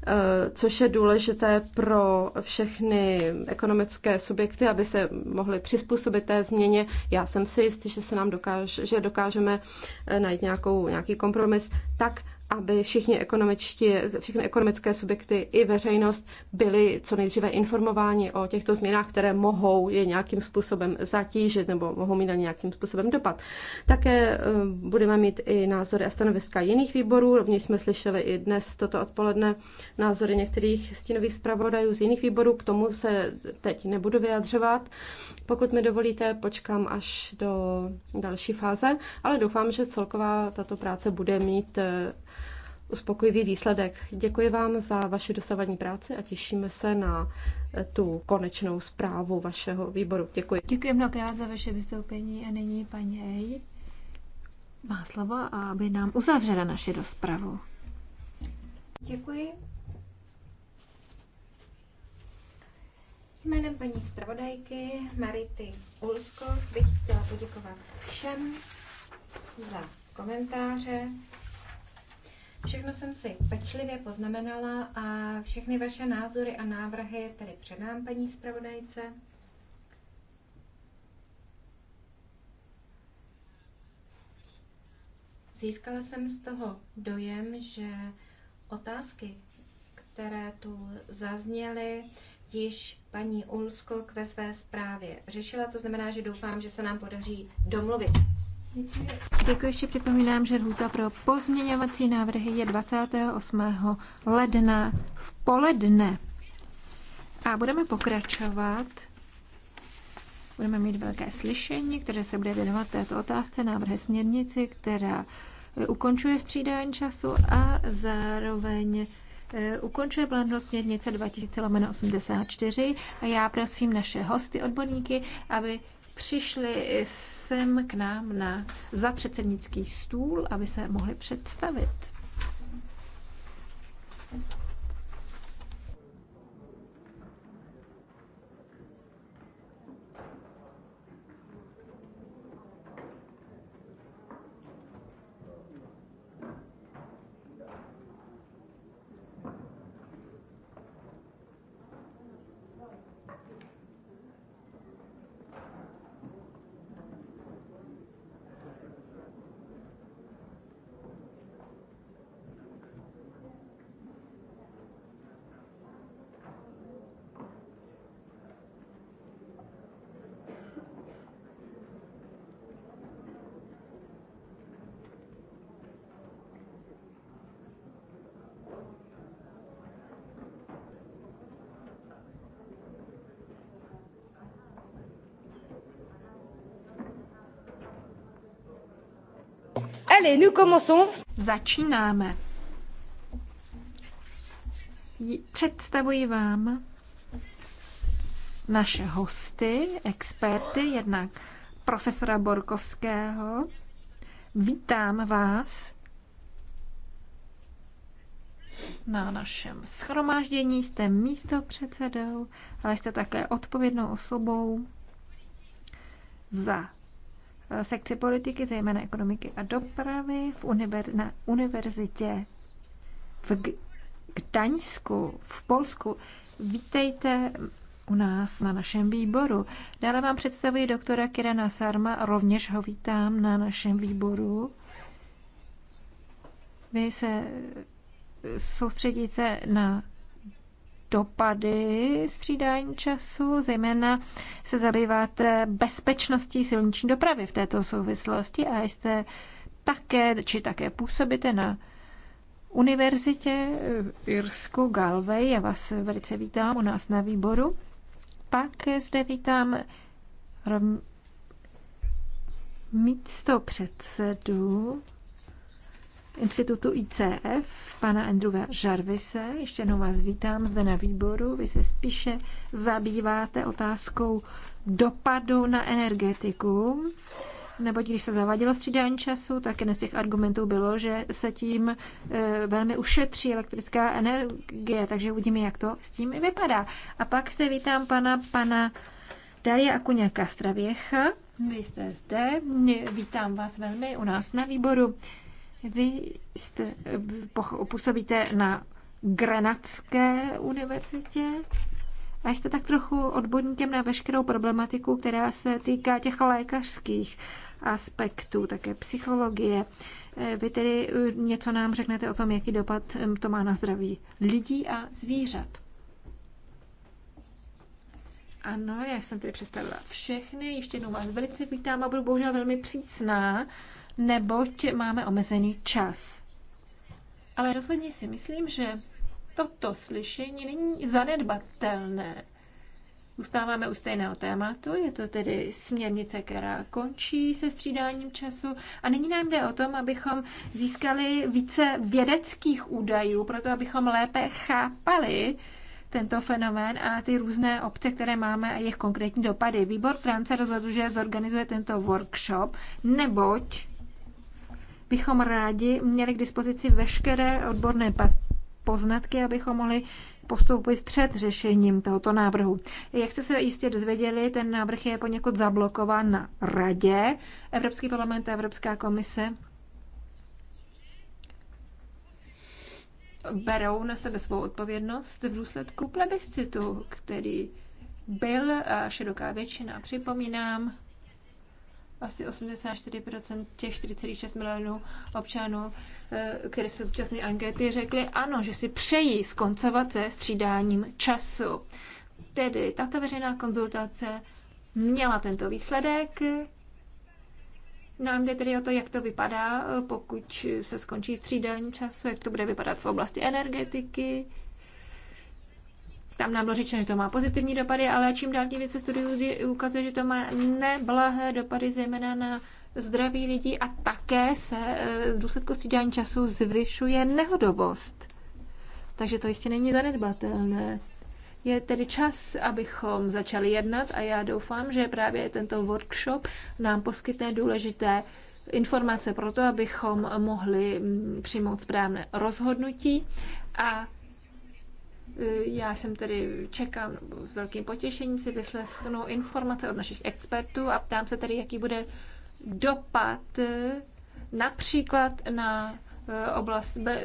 D: Eh, což je důležité pro všechny ekonomické subjekty, aby se mohly přizpůsobit té změně. Já jsem si jistý, že se nám dokáže, že dokážeme eh, najít nějakou, nějaký kompromis tak, aby všichni ekonomičtí, všechny ekonomické subjekty i veřejnost byli co nejdříve informováni o těchto změnách, které mohou je nějakým způsobem zatížit nebo mohou mít na nějakým způsobem dopad. Také eh, budeme mít i názory a stanoviska jiných výborů, rovněž jsme slyšeli i dnes toto odpoledne názory některých stínových zpravodajů z jiných výborů, k tomu se teď nebudu vyjadřovat. Pokud mi dovolíte, počkám až do další fáze, ale doufám, že celková tato práce bude mít eh, uspokojivý výsledek. Děkuji vám za vaši dosavadní práci a těšíme se na eh, tu konečnou zprávu vašeho výboru. Děkuji. Děkuji mnohokrát za vaše vystoupení a nyní
A: paní Ej má slovo, aby nám uzavřela naši rozpravu.
B: Děkuji. Jménem paní zpravodajky Marity Ulskov bych chtěla poděkovat všem za komentáře, Všechno jsem si pečlivě poznamenala a všechny vaše názory a návrhy tedy předám paní zpravodajce. Získala jsem z toho dojem, že otázky, které tu zazněly, již paní Ulsko ve své zprávě řešila. To znamená, že doufám, že se nám podaří domluvit
A: Děkuji. ještě připomínám, že lhůta pro pozměňovací návrhy je 28. ledna v poledne. A budeme pokračovat. Budeme mít velké slyšení, které se bude věnovat této otázce, návrhy směrnici, která eh, ukončuje střídání času a zároveň eh, ukončuje platnost směrnice 2084. a já prosím naše hosty, odborníky, aby přišli sem k nám na, za předsednický stůl, aby se mohli představit. Allez, nous commençons. Začínáme. Představuji vám naše hosty, experty, jednak profesora Borkovského. Vítám vás na našem schromáždění. Jste místo předsedou, ale jste také odpovědnou osobou za Eh, sekci politiky, zejména ekonomiky a dopravy v univer- na univerzitě v Gdaňsku, v Polsku. Vítejte u nás na našem výboru. Dále vám představuji doktora Kirana Sarma, rovněž ho vítám na našem výboru. Vy se soustředíte na dopady střídání času, zejména se zabýváte bezpečností silniční dopravy v této souvislosti a jste také, či také působíte na univerzitě v Irsku Galway. Já vás velice vítám u nás na výboru. Pak zde vítám místo předsedu institutu ICF, pana Andrewa Žarvise. Ještě jednou vás vítám zde na výboru. Vy se spíše zabýváte otázkou dopadu na energetiku. nebo když se zavadilo střídání času, tak jeden z těch argumentů bylo, že se tím e, velmi ušetří elektrická energie, takže uvidíme, jak to s tím vypadá. A pak se vítám pana, pana Daria Akuňa Kastravěcha. Vy jste zde, vítám vás velmi u nás na výboru. Vy jste, působíte na Grenadské univerzitě a jste tak trochu odborníkem na veškerou problematiku, která se týká těch lékařských aspektů, také psychologie. Eh, vy tedy eh, něco nám řeknete o tom, jaký dopad eh, to má na zdraví lidí a zvířat. Ano, já jsem tedy představila všechny. Ještě jednou vás velice vítám a budu bohužel velmi přísná neboť máme omezený čas. Ale rozhodně si myslím, že toto slyšení není zanedbatelné. Ustáváme u stejného tématu, je to tedy směrnice, která končí se střídáním času a nyní nám jde o tom, abychom získali více vědeckých údajů, proto abychom lépe chápali tento fenomén a ty různé obce, které máme a jejich konkrétní dopady. Výbor Trance rozhodl, že zorganizuje tento workshop, neboť bychom rádi měli k dispozici veškeré odborné poznatky, abychom mohli postoupit před řešením tohoto návrhu. Jak jste se jistě dozvěděli, ten návrh je poněkud zablokován na radě. Evropský parlament a Evropská komise berou na sebe svou odpovědnost v důsledku plebiscitu, který byl široká většina, připomínám, asi 84% těch 4,6 milionů občanů, eh, které se zúčastní ankety, řekli ano, že si přejí skoncovat se střídáním času. Tedy tato veřejná konzultace měla tento výsledek. Nám jde tedy o to, jak to vypadá, eh, pokud se skončí střídání času, jak to bude vypadat v oblasti energetiky, tam nám bylo řečeno, že to má pozitivní dopady, ale čím dál tím více studií ukazuje, že to má neblahé dopady, zejména na zdraví lidí a také se e, v důsledku střídání času zvyšuje nehodovost. Takže to jistě není zanedbatelné. Je tedy čas, abychom začali jednat a já doufám, že právě tento workshop nám poskytne důležité informace pro to, abychom mohli přijmout správné rozhodnutí a Eh, já jsem tedy čekám s velkým potěšením si vyslechnu informace od našich expertů a ptám se tedy, jaký bude dopad eh, například na eh, oblast be-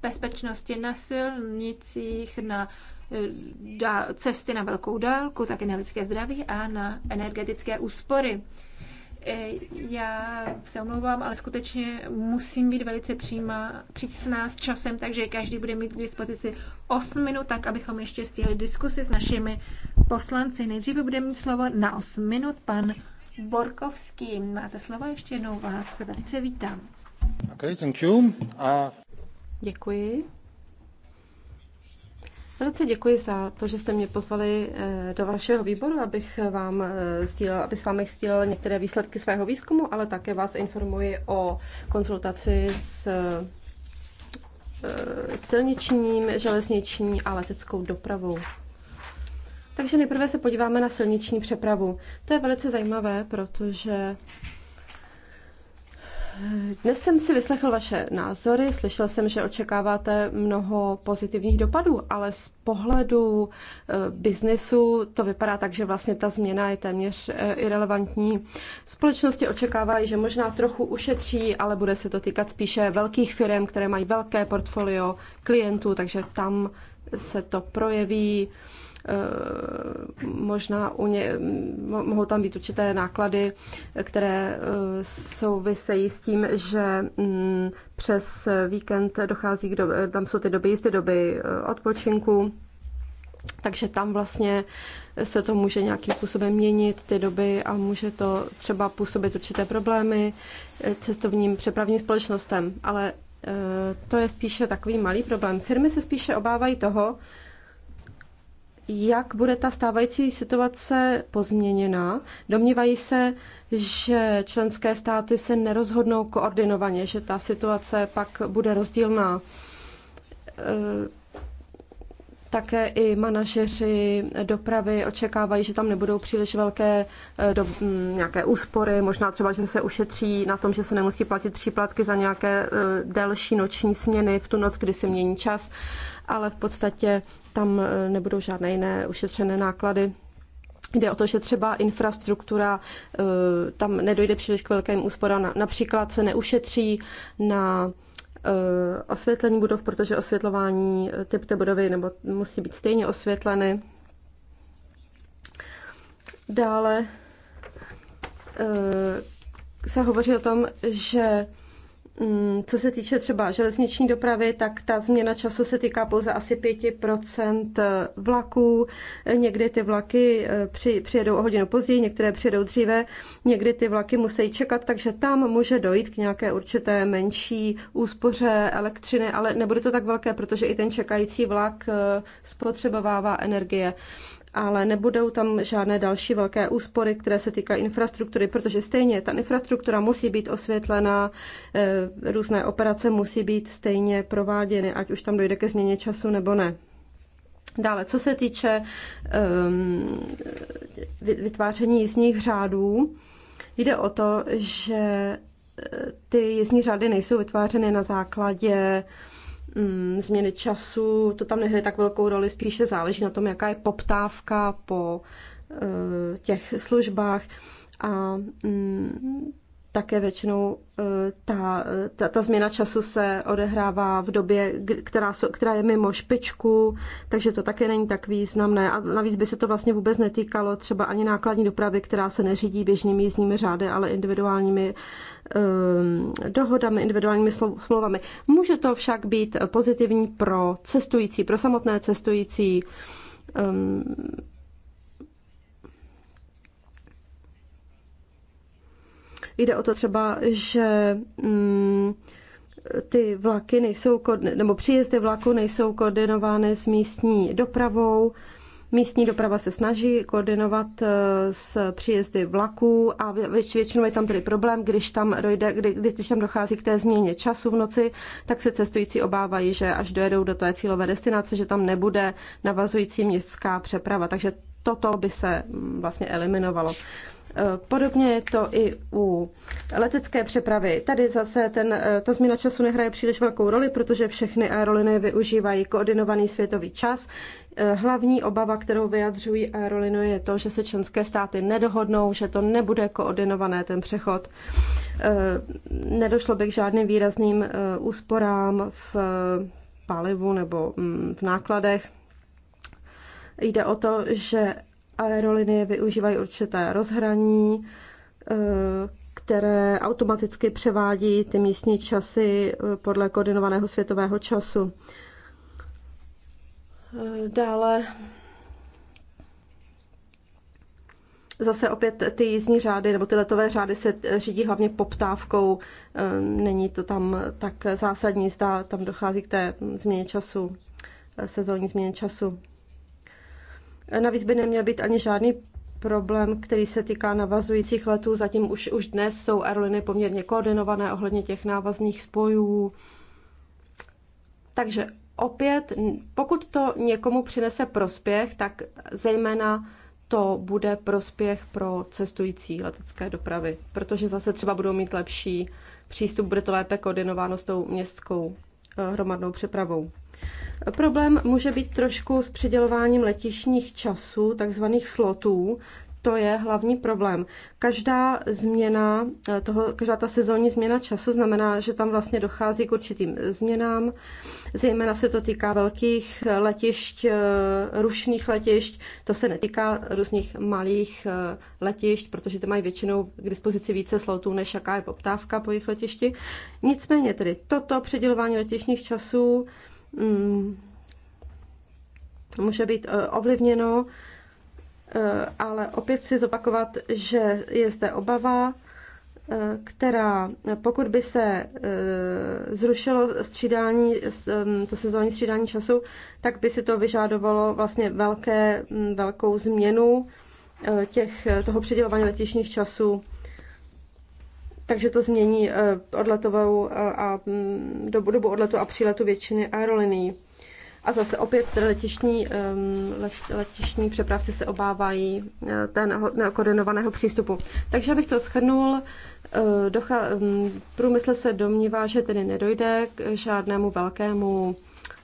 A: bezpečnosti na silnicích, na cesty na velkou dálku, také na lidské zdraví a na energetické úspory. Eh, já se omlouvám, ale skutečně musím být velice přímá, přísná s časem, takže každý bude mít k dispozici 8 minut, tak abychom ještě stihli diskusi s našimi poslanci. Nejdříve bude mít slovo na 8 minut pan Borkovský. Máte slovo
D: ještě jednou vás. Velice vítám.
C: Okay, thank you. A... Děkuji.
D: Velice děkuji za to, že jste mě pozvali eh, do vašeho výboru, abych vám eh, stílel, aby s vámi sdílel některé výsledky svého výzkumu, ale také vás informuji o konzultaci s eh, silničním, železniční a leteckou dopravou. Takže nejprve se podíváme na silniční přepravu. To je velice zajímavé, protože dnes jsem si vyslechl vaše názory, slyšel jsem, že očekáváte mnoho pozitivních dopadů, ale z pohledu eh, biznesu to vypadá tak, že vlastně ta změna je téměř eh, irrelevantní. Společnosti očekávají, že možná trochu ušetří, ale bude se to týkat spíše velkých firm, které mají velké portfolio klientů, takže tam se to projeví. Eh, možná u ně, mohou tam být určité náklady, které eh, souvisejí s tím, že mm, přes víkend dochází, k doby, tam jsou ty doby jisté doby eh, odpočinku, takže tam vlastně se to může nějakým způsobem měnit, ty doby, a může to třeba působit určité problémy cestovním přepravním společnostem. Ale to je spíše takový malý problém. Firmy se spíše obávají toho, jak bude ta stávající situace pozměněna. Domnívají se, že členské státy se nerozhodnou koordinovaně, že ta situace pak bude rozdílná. E, také i manažeři dopravy očekávají, že tam nebudou příliš velké e, do, nějaké úspory, možná třeba, že se ušetří na tom, že se nemusí platit příplatky za nějaké e, delší noční směny v tu noc, kdy se mění čas, ale v podstatě tam e, nebudou žádné jiné ušetřené náklady. Jde o to, že třeba infrastruktura, e, tam nedojde příliš k velkým úsporám, například se neušetří na e, osvětlení budov, protože osvětlování typ té budovy nebo musí být stejně osvětleny. Dále se hovoří o tom, že Mm, co se týče třeba železniční dopravy, tak ta změna času se týká pouze asi 5% eh, vlaků. Někdy ty vlaky eh, při, přijedou o hodinu později, některé přijedou dříve, někdy ty vlaky musí čekat, takže tam může dojít k nějaké určité menší úspoře elektřiny, ale nebude to tak velké, protože i ten čekající vlak eh, spotřebovává energie ale nebudou tam žádné další velké úspory, které se týkají infrastruktury, protože stejně ta infrastruktura musí být osvětlena, eh, různé operace musí být stejně prováděny, ať už tam dojde ke změně času nebo ne. Dále, co se týče um, vytváření jízdních řádů, jde o to, že eh, ty jízdní řády nejsou vytvářeny na základě mm, změny času, to tam nehraje tak velkou roli, spíše záleží na tom, jaká je poptávka po e, těch službách a mm, také většinou eh, ta, ta, ta změna času se odehrává v době, která, která je mimo špičku, takže to také není tak významné. A navíc by se to vlastně vůbec netýkalo třeba ani nákladní dopravy, která se neřídí běžnými jízdními řády, ale individuálními Ehm, dohodami, individuálními smlouvami. Může to však být pozitivní pro cestující, pro samotné cestující. Ehm, jde o to třeba, že mm, ty vlaky nejsou, nebo příjezdy vlaku nejsou koordinovány s místní dopravou, Místní doprava se snaží koordinovat eh, s příjezdy vlaků a většinou je tam tedy problém, když tam, dojde, kdy, když tam dochází k té změně času v noci, tak se cestující obávají, že až dojedou do té cílové destinace, že tam nebude navazující městská přeprava. Takže toto by se mm, vlastně eliminovalo. Eh, podobně je to i u letecké přepravy. Tady zase ten, eh, ta změna času nehraje příliš velkou roli, protože všechny aeroliny využívají koordinovaný světový čas. Eh, hlavní obava, kterou vyjadřují aeroliny, je to, že se členské státy nedohodnou, že to nebude koordinované ten přechod. Nedošlo by k žádným výrazným úsporám v palivu nebo mm, v nákladech. Jde o to, že aerolinie využívají určité rozhraní, eh, které automaticky převádí ty místní časy eh, podle koordinovaného světového času. Eh, dále zase opět ty jízdní řády nebo ty letové řády se řídí hlavně poptávkou. Není to tam tak zásadní, zda tam dochází k té změně času, sezónní změně času. Navíc by neměl být ani žádný problém, který se týká navazujících letů. Zatím už, už dnes jsou aeroliny poměrně koordinované ohledně těch návazných spojů. Takže opět, pokud to někomu přinese prospěch, tak zejména to bude prospěch pro cestující letecké dopravy, protože zase třeba budou mít lepší přístup, bude to lépe koordinováno s tou městskou eh, hromadnou přepravou. Problém může být trošku s přidělováním letišních časů, takzvaných slotů. To je hlavní problém. Každá změna, eh, toho, každá ta sezónní změna času znamená, že tam vlastně dochází k určitým změnám. Zejména se to týká velkých letišť, eh, rušných letišť. To se netýká různých malých eh, letišť, protože ty mají většinou k dispozici více slotů, než jaká je poptávka po jejich letišti. Nicméně tedy toto předělování letišních časů Mm, může být eh, ovlivněno, eh, ale opět si zopakovat, že je zde obava, eh, která, pokud by se zrušilo střídání, mm, to sezónní střídání času, tak by si to vyžádovalo vlastně velké, mm, velkou změnu těch, toho přidělování letišních časů takže to změní eh, odletovou eh, a mm, dobu, dobu odletu a příletu většiny aerolinií. A zase opět letišní, ehm, letišní přepravci se obávají eh, té koordinovaného přístupu. Takže abych to shrnul, docha, ehm, průmysl se domnívá, že tedy nedojde k žádnému velkému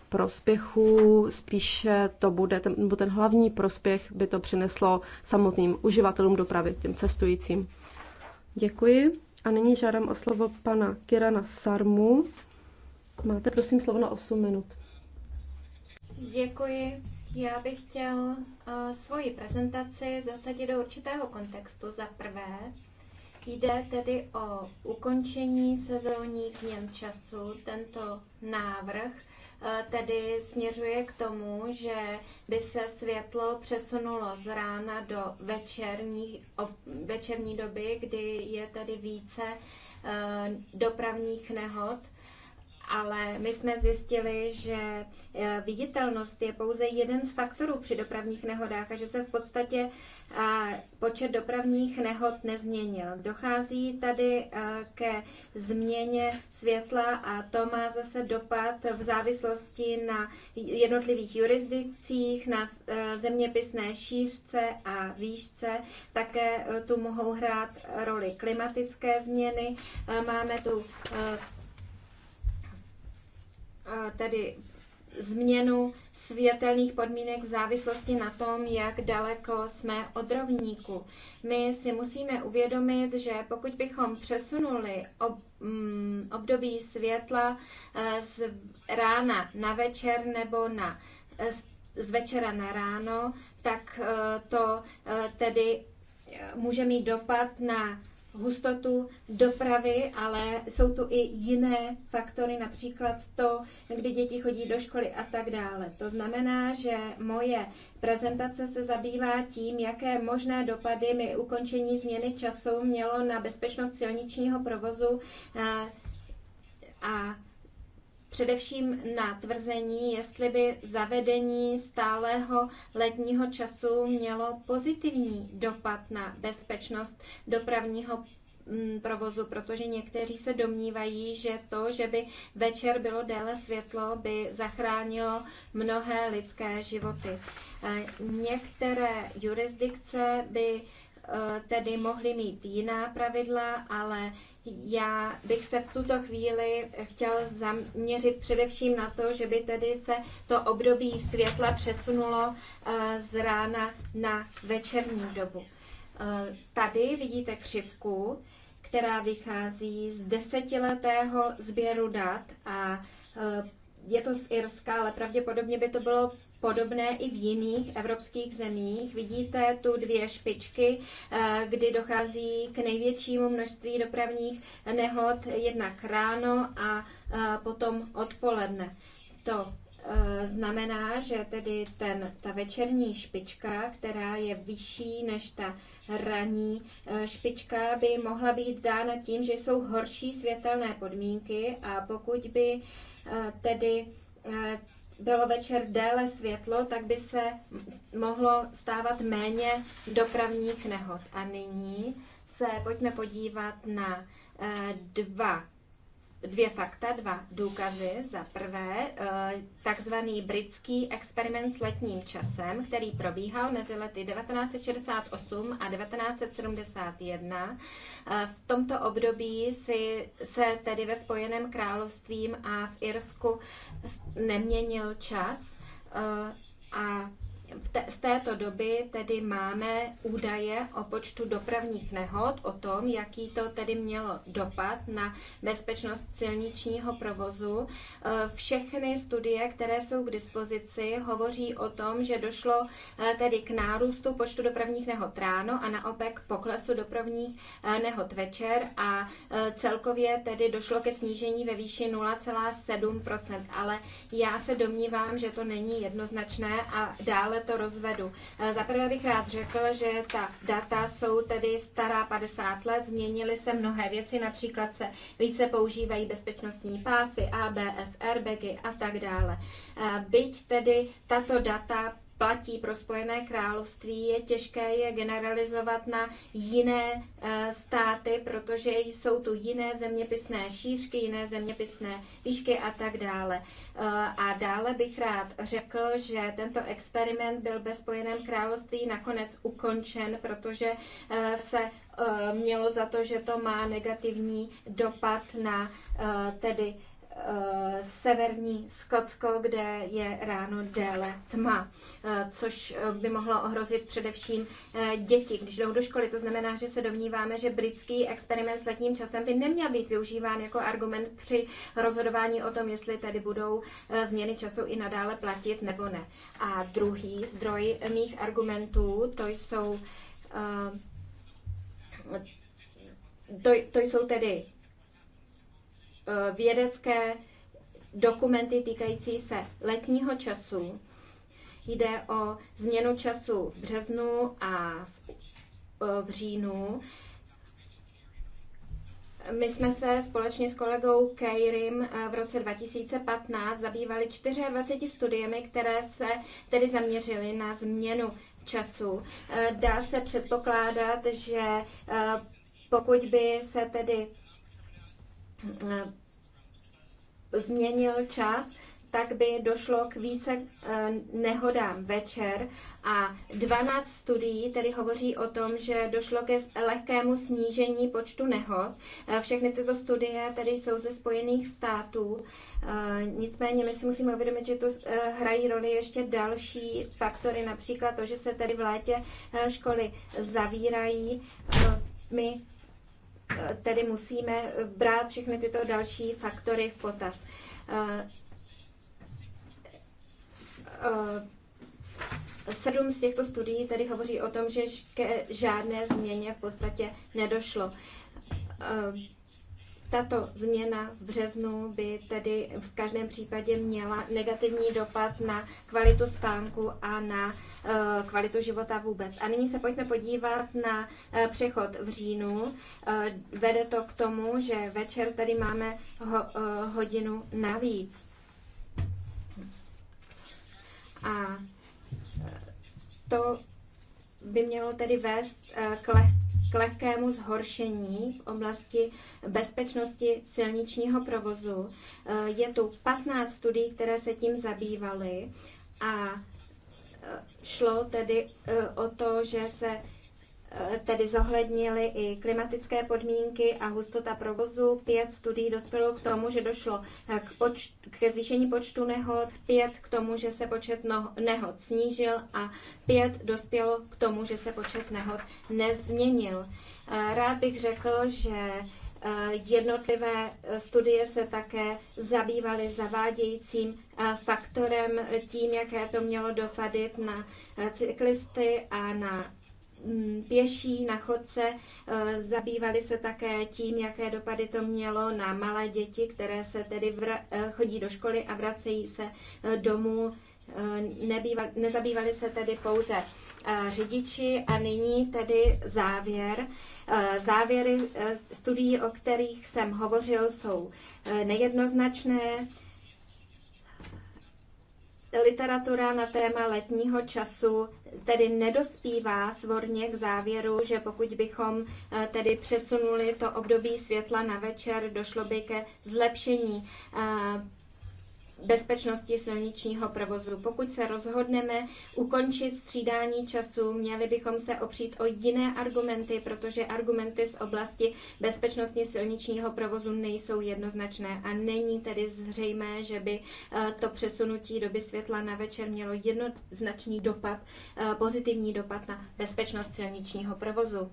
D: prospěchu, spíše to bude, ten, ten hlavní prospěch by to přineslo samotným uživatelům dopravy, těm cestujícím. Děkuji. A nyní žádám o slovo pana Kirana Sarmu. Máte prosím slovo na 8 minut.
B: Děkuji. Já bych chtěl uh, svoji prezentaci zasadit do určitého kontextu. Za prvé, jde tedy o ukončení sezónních změn času. Tento návrh Eh, tedy směřuje k tomu, že by se světlo přesunulo z rána do večerní, večerní doby, kdy je tedy více eh, dopravních nehod ale my jsme zjistili, že eh, viditelnost je pouze jeden z faktorů při dopravních nehodách a že se v podstatě eh, počet dopravních nehod nezměnil. Dochází tady eh, ke změně světla a to má zase dopad v závislosti na jednotlivých jurisdikcích, na zeměpisné šířce a výšce. Také tu mohou hrát roli klimatické změny. Máme tu tedy změnu světelných podmínek v závislosti na tom, jak daleko jsme od rovníku. My si musíme uvědomit, že pokud bychom přesunuli ob, mm, období světla eh, z rána na večer nebo na, eh, z, z večera na ráno, tak eh, to tedy může mít dopad na hustotu dopravy, ale jsou tu i jiné faktory, například to, kdy děti chodí do školy a tak dále. To znamená, že moje prezentace se zabývá tím, jaké možné dopady mi ukončení změny času mělo na bezpečnost silničního provozu a především na tvrzení, jestli by zavedení stálého letního času mělo pozitivní dopad na bezpečnost dopravního mm, provozu, protože někteří se domnívají, že to, že by večer bylo déle světlo, by zachránilo mnohé lidské životy. Eh, některé jurisdikce by Eh, tedy mohli mít jiná pravidla, ale já bych se v tuto chvíli chtěl zaměřit především na to, že by tedy se to období světla přesunulo eh, z rána na večerní dobu. Eh, tady vidíte křivku, která vychází z desetiletého sběru dat a je to z Irska, ale pravděpodobně by to bylo podobné i v jiných evropských zemích. Vidíte tu dvě špičky, eh, kdy dochází k největšímu množství dopravních nehod jednak ráno a eh, potom odpoledne. To eh, znamená, že tedy ten, ta večerní špička, která je vyšší než ta ranní špička, by mohla být dána tím, že jsou horší světelné podmínky a pokud by tedy bylo večer déle světlo, tak by se mohlo stávat méně dopravních nehod. A nyní se pojďme podívat na eh, dva dvě fakta, dva důkazy. Za prvé, eh, takzvaný britský experiment s letním časem, který probíhal mezi lety 1968 a 1971. Eh, v tomto období si, se tedy ve Spojeném královstvím a v Irsku neměnil čas eh, a te, z této doby tedy máme údaje o počtu dopravních nehod, o tom, jaký to tedy mělo dopad na bezpečnost silničního provozu. E, všechny studie, které jsou k dispozici, hovoří o tom, že došlo e, tedy k nárůstu počtu dopravních nehod ráno a naopak poklesu dopravních e, nehod večer a celkově tedy došlo ke snížení ve výši 0,7%, ale já se domnívám, že to není jednoznačné a dále to rozvedu. Eh, Za prvé bych rád řekl, že ta data jsou tedy stará 50 let, změnily se mnohé věci, například se více používají bezpečnostní pásy, ABS, airbagy a tak dále. Eh, byť tedy tato data platí pro Spojené království, je těžké je generalizovat na jiné eh, státy, protože jsou tu jiné zeměpisné šířky, jiné zeměpisné výšky a tak dále. Eh, a dále bych rád řekl, že tento experiment byl ve Spojeném království nakonec ukončen, protože eh, se mělo za to, že to má negativní dopad na tedy Eh, severní Skotsko, kde je ráno déle tma, eh, což eh, by mohlo ohrozit především děti, když jdou do školy. To znamená, že se domníváme, že britský experiment s letním časem by neměl být využíván jako argument při rozhodování o tom, jestli tedy budou změny času i nadále platit nebo ne. A druhý zdroj mých argumentů, to jsou to, to jsou tedy Eh, vědecké dokumenty týkající se letního času. Jde o změnu času v březnu a v, eh, v říjnu. My jsme se společně s kolegou Kejrim eh, v roce 2015 zabývali 24 studiemi, které se tedy zaměřily na změnu času. Dá se předpokládat, že pokud by se tedy Eh, změnil čas, tak by došlo k více eh, nehodám večer a 12 studií tedy hovoří o tom, že došlo ke lehkému snížení počtu nehod. Eh, všechny tyto studie tedy jsou ze Spojených států. Nicméně my si musíme uvědomit, že tu hrají roli ještě další faktory, například to, že se tedy v létě školy zavírají. My tedy musíme brát všechny tyto další faktory v potaz. Eh, eh, sedm z těchto studií tedy hovoří o tom, že ke žádné změně v podstatě nedošlo. Eh, tato změna v březnu by tedy v každém případě měla negativní dopad na kvalitu spánku a na eh, kvalitu života vůbec. A nyní se pojďme podívat na eh, přechod v říjnu. Eh, vede to k tomu, že večer tady máme hodinu navíc. A to by mělo tedy vést k lehké k lehkému zhoršení v oblasti bezpečnosti silničního provozu. Eh, je tu 15 studií, které se tím zabývaly a eh, šlo tedy eh, o to, že se Eh, tedy zohlednili i klimatické podmínky a hustota provozu. Pět studií dospělo k tomu, že došlo eh, k poč- ke zvýšení počtu nehod, pět k tomu, že se počet no-, nehod snížil a pět dospělo k tomu, že se počet nehod nezměnil. Eh, rád bych řekl, že Jednotlivé studie se také zabývaly zavádějícím faktorem, tím, jaké to mělo dopadit na cyklisty a na Mm, pěší na chodce, eh, zabývali se také tím, jaké dopady to mělo na malé děti, které se tedy eh, chodí do školy a vracejí se eh, domů. Nebývali, nezabývali se tedy pouze řidiči a nyní tedy závěr. Závěry studií, o kterých jsem hovořil, jsou nejednoznačné, literatura na téma letního času tedy nedospívá svorně k závěru, že pokud bychom eh, tedy přesunuli to období světla na večer, došlo by ke zlepšení eh, bezpečnosti silničního provozu. Pokud se rozhodneme ukončit střídání času, měli bychom se opřít o jiné argumenty, protože argumenty z oblasti bezpečnosti silničního provozu nejsou jednoznačné a není tedy zřejmé, že by eh, to přesunutí doby světla na večer mělo jednoznačný dopad, eh, pozitivní dopad na bezpečnost silničního provozu.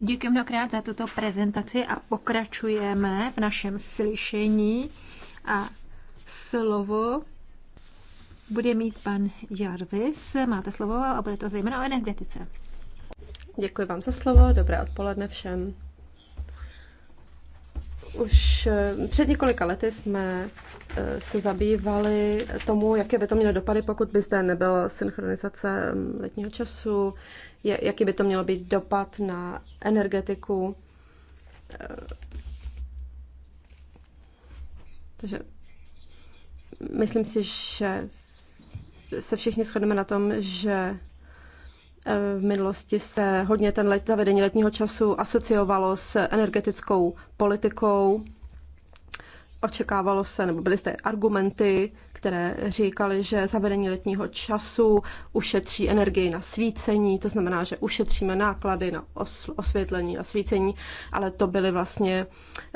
A: Děkuji mnohokrát za tuto prezentaci a pokračujeme v našem slyšení. A slovo bude mít pan Jarvis. Máte slovo a bude to zejména o energetice.
D: Děkuji vám za slovo, dobré odpoledne všem. Už eh, před několika lety jsme eh, se zabývali tomu, jaké by to mělo dopady, pokud by zde nebyla synchronizace mm, letního času, jaký by to mělo být dopad na energetiku. Eh, takže Myslím si, že se všichni shodneme na tom, že eh, v minulosti se hodně ten let, vedení letního času asociovalo s energetickou politikou. Očekávalo se, nebo byly zde argumenty, které říkaly, že zavedení letního času ušetří energii na svícení, to znamená, že ušetříme náklady na osvětlení a svícení, ale to byly vlastně,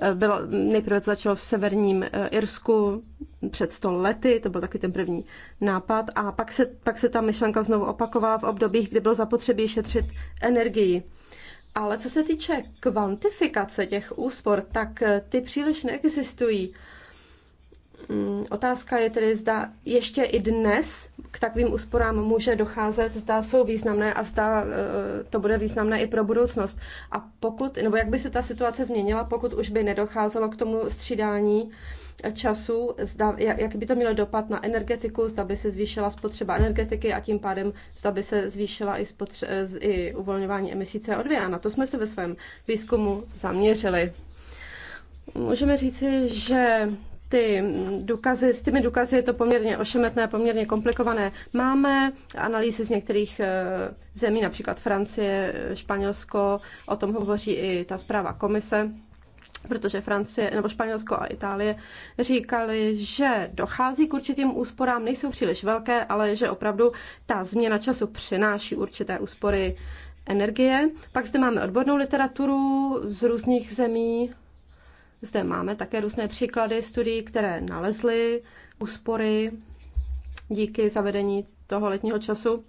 D: eh, bylo, nejprve to začalo v severním eh, Irsku před 100 lety, to byl taky ten první nápad a pak se, pak se ta myšlenka znovu opakovala v obdobích, kdy bylo zapotřebí šetřit energii. Ale co se týče kvantifikace těch úspor, tak eh, ty příliš neexistují. Mm, otázka je tedy, zda ještě i dnes k takovým úsporám může docházet, zda jsou významné a zda e, to bude významné i pro budoucnost. A pokud, nebo jak by se ta situace změnila, pokud už by nedocházelo k tomu střídání času, zda, jak by to mělo dopad na energetiku, zda by se zvýšila spotřeba energetiky a tím pádem zda by se zvýšila i, spotře- e, i uvolňování emisí CO2. A na to jsme se ve svém výzkumu zaměřili. Můžeme říci, že ty důkazy, s těmi důkazy je to poměrně ošemetné, poměrně komplikované. Máme analýzy z některých eh, zemí, například Francie, Španělsko, o tom hovoří i ta zpráva komise, protože Francie nebo Španělsko a Itálie říkali, že dochází k určitým úsporám, nejsou příliš velké, ale že opravdu ta změna času přináší určité úspory energie. Pak zde máme odbornou literaturu z různých zemí, zde máme také různé příklady studií, které nalezly úspory díky zavedení toho letního času.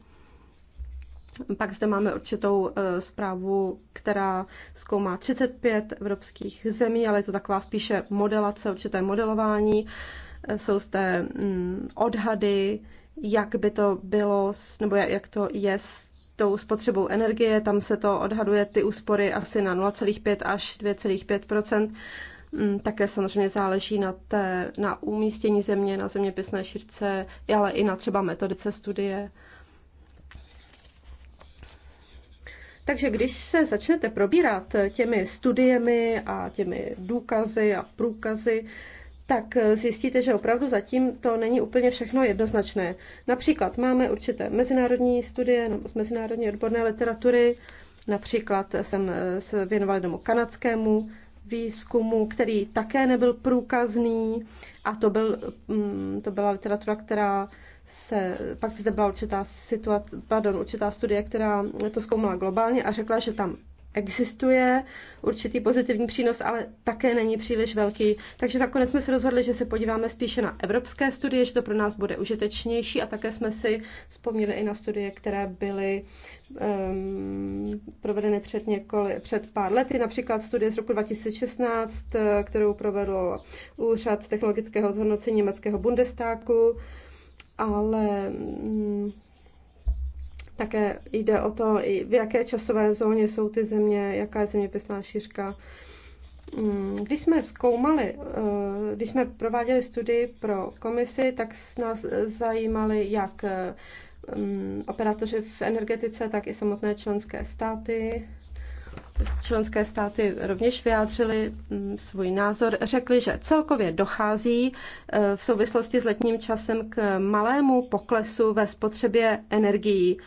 D: Pak zde máme určitou e, zprávu, která zkoumá 35 evropských zemí, ale je to taková spíše modelace, určité modelování. E, jsou zde mm, odhady, jak by to bylo, nebo jak to je s tou spotřebou energie. Tam se to odhaduje ty úspory asi na 0,5 až 2,5 Mm, také samozřejmě záleží na, té, na umístění země, na zeměpisné šířce, ale i na třeba metodice studie. Takže když se začnete probírat těmi studiemi a těmi důkazy a průkazy, tak zjistíte, že opravdu zatím to není úplně všechno jednoznačné. Například máme určité mezinárodní studie nebo z mezinárodní odborné literatury, například jsem se věnovala tomu kanadskému výzkumu, který také nebyl průkazný a to, byl, mm, to byla literatura, která se, pak zde byla určitá situace, pardon, určitá studie, která to zkoumala globálně a řekla, že tam existuje určitý pozitivní přínos, ale také není příliš velký. Takže nakonec jsme se rozhodli, že se podíváme spíše na evropské studie, že to pro nás bude užitečnější a také jsme si vzpomněli i na studie, které byly um, provedeny před, několik, před pár lety, například studie z roku 2016, eh, kterou provedl Úřad technologického zhodnocení německého Bundestagu, ale um, také jde o to, v jaké časové zóně jsou ty země, jaká je zeměpisná šířka. Mm, když jsme zkoumali, eh, když jsme prováděli studii pro komisi, tak nás zajímali jak mm, operátoři v energetice, tak i samotné členské státy, členské státy rovněž vyjádřili mm, svůj názor. Řekli, že celkově dochází e, v souvislosti s letním časem k malému poklesu ve spotřebě energií,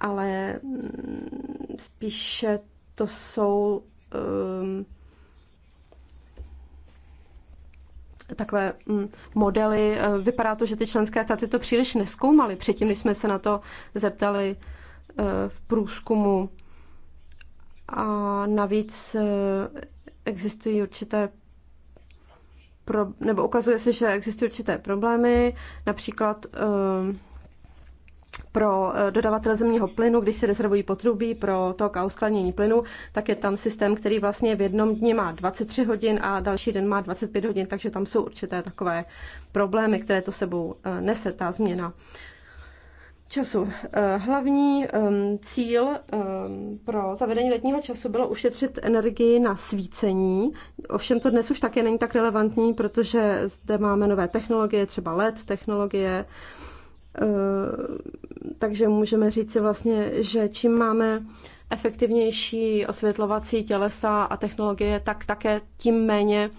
D: ale mm, spíše to jsou um, takové mm, modely. E, vypadá to, že ty členské státy to příliš neskoumaly předtím, když jsme se na to zeptali e, v průzkumu a navíc eh, existují určité pro, nebo ukazuje se, že existují určité problémy, například eh, pro eh, dodavatele zemního plynu, když se rezervují potrubí pro tok a uskladnění plynu, tak je tam systém, který vlastně v jednom dni má 23 hodin a další den má 25 hodin, takže tam jsou určité takové problémy, které to sebou nese ta změna času. Eh, hlavní ehm, cíl ehm, pro zavedení letního času bylo ušetřit energii na svícení. Ovšem to dnes už také není tak relevantní, protože zde máme nové technologie, třeba LED technologie, eh, takže můžeme říct si vlastně, že čím máme efektivnější osvětlovací tělesa a technologie, tak také tím méně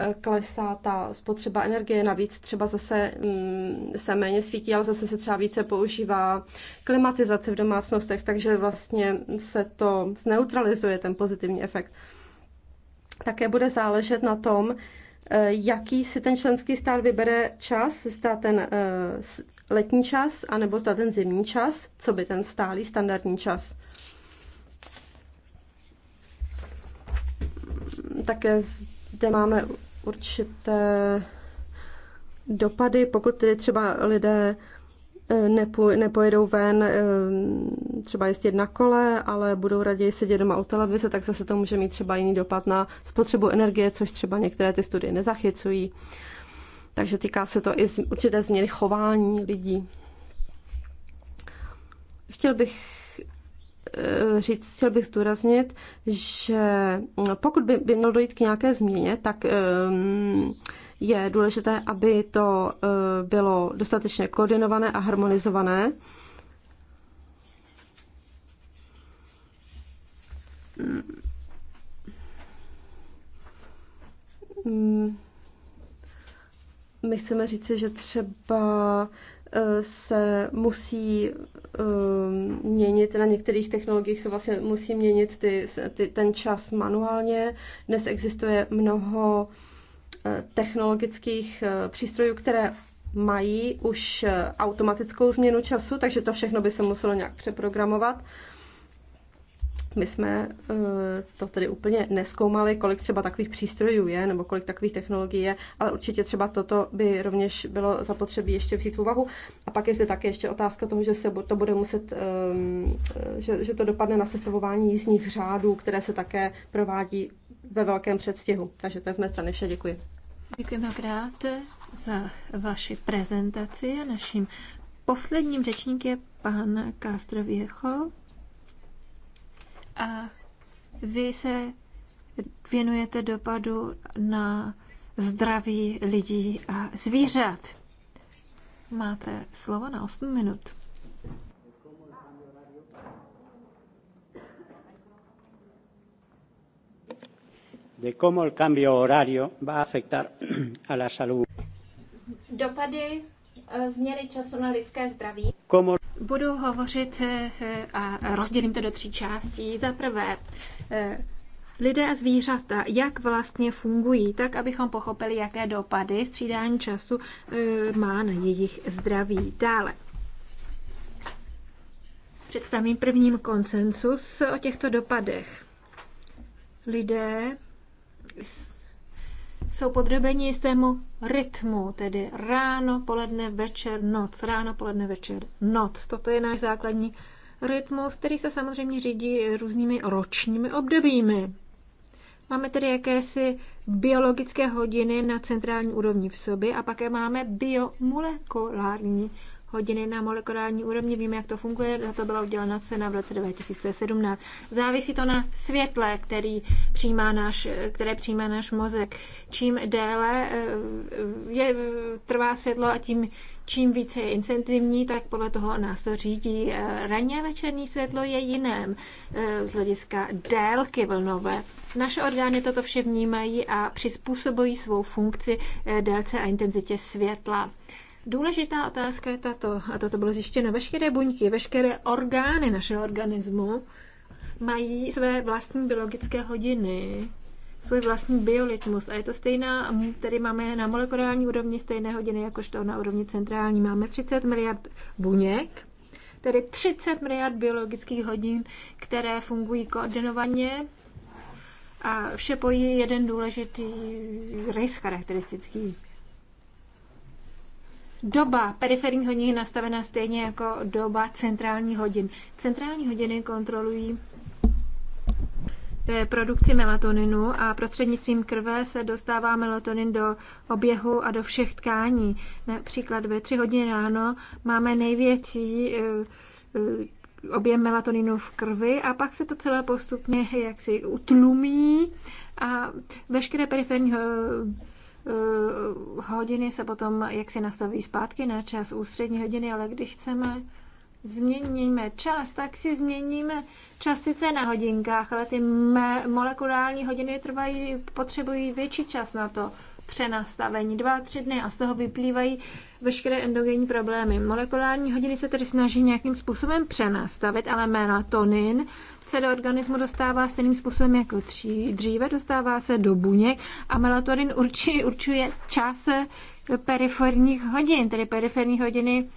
D: Eh, klesá ta spotřeba energie, navíc třeba zase mm, se méně svítí, ale zase se třeba více používá klimatizace v domácnostech, takže vlastně se to zneutralizuje, ten pozitivní efekt. Také bude záležet na tom, eh, jaký si ten členský stát vybere čas, zda ten eh, letní čas, anebo zda ten zimní čas, co by ten stálý standardní čas. Také zde máme určité dopady, pokud tedy třeba lidé eh, nepojedou ven eh, třeba jezdit na kole, ale budou raději sedět doma u televize, tak zase to může mít třeba jiný dopad na spotřebu energie, což třeba některé ty studie nezachycují. Takže týká se to i určité změny chování lidí. Chtěl bych Eh, říct, chtěl bych zdůraznit, že pokud by, by mělo dojít k nějaké změně, tak eh, je důležité, aby to eh, bylo dostatečně koordinované a harmonizované. Mm. My chceme říci, že třeba se musí um, měnit, na některých technologiích se vlastně musí měnit ty, ty, ten čas manuálně. Dnes existuje mnoho eh, technologických eh, přístrojů, které mají už eh, automatickou změnu času, takže to všechno by se muselo nějak přeprogramovat. My jsme eh, to tedy úplně neskoumali, kolik třeba takových přístrojů je nebo kolik takových technologií je, ale určitě třeba toto by rovněž bylo zapotřebí ještě vzít v úvahu. A pak je zde také ještě otázka toho, že se to bude muset, ehm, eh, že, že to dopadne na sestavování jízdních řádů, které se také provádí ve velkém předstihu. Takže to je z mé strany vše, děkuji.
A: Děkuji mnohokrát za vaši prezentaci a naším posledním řečníkem je pan Kástrověcho a vy se věnujete dopadu na zdraví lidí a zvířat. Máte slovo na 8 minut.
C: de cómo el cambio horario va
A: a afectar a la salud.
B: Dopady eh, změny času na
A: lidské zdraví. Cómo Budu hovořit eh, a rozdělím to do tří částí. Za prvé, eh, lidé a zvířata, jak vlastně fungují, tak abychom pochopili, jaké dopady střídání času eh, má na jejich zdraví. Dále. Představím prvním konsensus o těchto dopadech. Lidé jsou podrobeni jistému rytmu, tedy ráno, poledne, večer, noc, ráno, poledne, večer, noc. Toto je náš základní rytmus, který se samozřejmě řídí různými ročními obdobími. Máme tedy jakési biologické hodiny na centrální úrovni v sobě a pak máme biomolekulární hodiny na molekulární úrovni. Víme, jak to funguje. Za to byla udělena cena v roce 2017. Závisí to na světle, který přijímá náš, které přijímá náš mozek. Čím déle eh, je, trvá světlo a tím čím více je incentivní, tak podle toho nás to řídí. Eh, raně večerní světlo je jiném eh, z hlediska délky vlnové. Naše orgány toto vše vnímají a přizpůsobují svou funkci délce a intenzitě světla. Důležitá otázka je tato, a toto bylo zjištěno, veškeré buňky, veškeré orgány našeho organismu mají své vlastní biologické hodiny, svůj vlastní biolitmus. a je to stejná, tedy máme na molekulární úrovni stejné hodiny, jakožto na úrovni centrální. Máme 30 miliard buněk, tedy 30 miliard biologických hodin, které fungují koordinovaně a vše pojí jeden důležitý rys charakteristický doba periferních hodin je nastavená stejně jako doba centrálních hodin. Centrální hodiny kontrolují eh, produkci melatoninu a prostřednictvím krve se dostává melatonin do oběhu a do všech tkání. Například ve 3 hodiny ráno máme největší eh, eh, objem melatoninu v krvi a pak se to celé postupně jaksi utlumí a veškeré periferní Eh, hodiny se potom jak si nastaví zpátky na čas ústřední hodiny, ale když chceme změníme čas, tak si změníme částice na hodinkách, ale ty molekulární hodiny trvají, potřebují větší čas na to přenastavení, dva, tři dny a z toho vyplývají veškeré endogenní problémy. Molekulární hodiny se tedy snaží nějakým způsobem přenastavit, ale melatonin se do organismu dostává stejným způsobem jako tří, dříve, dostává se do buněk a melatonin určí, určuje čas periferních hodin, tedy periferní hodiny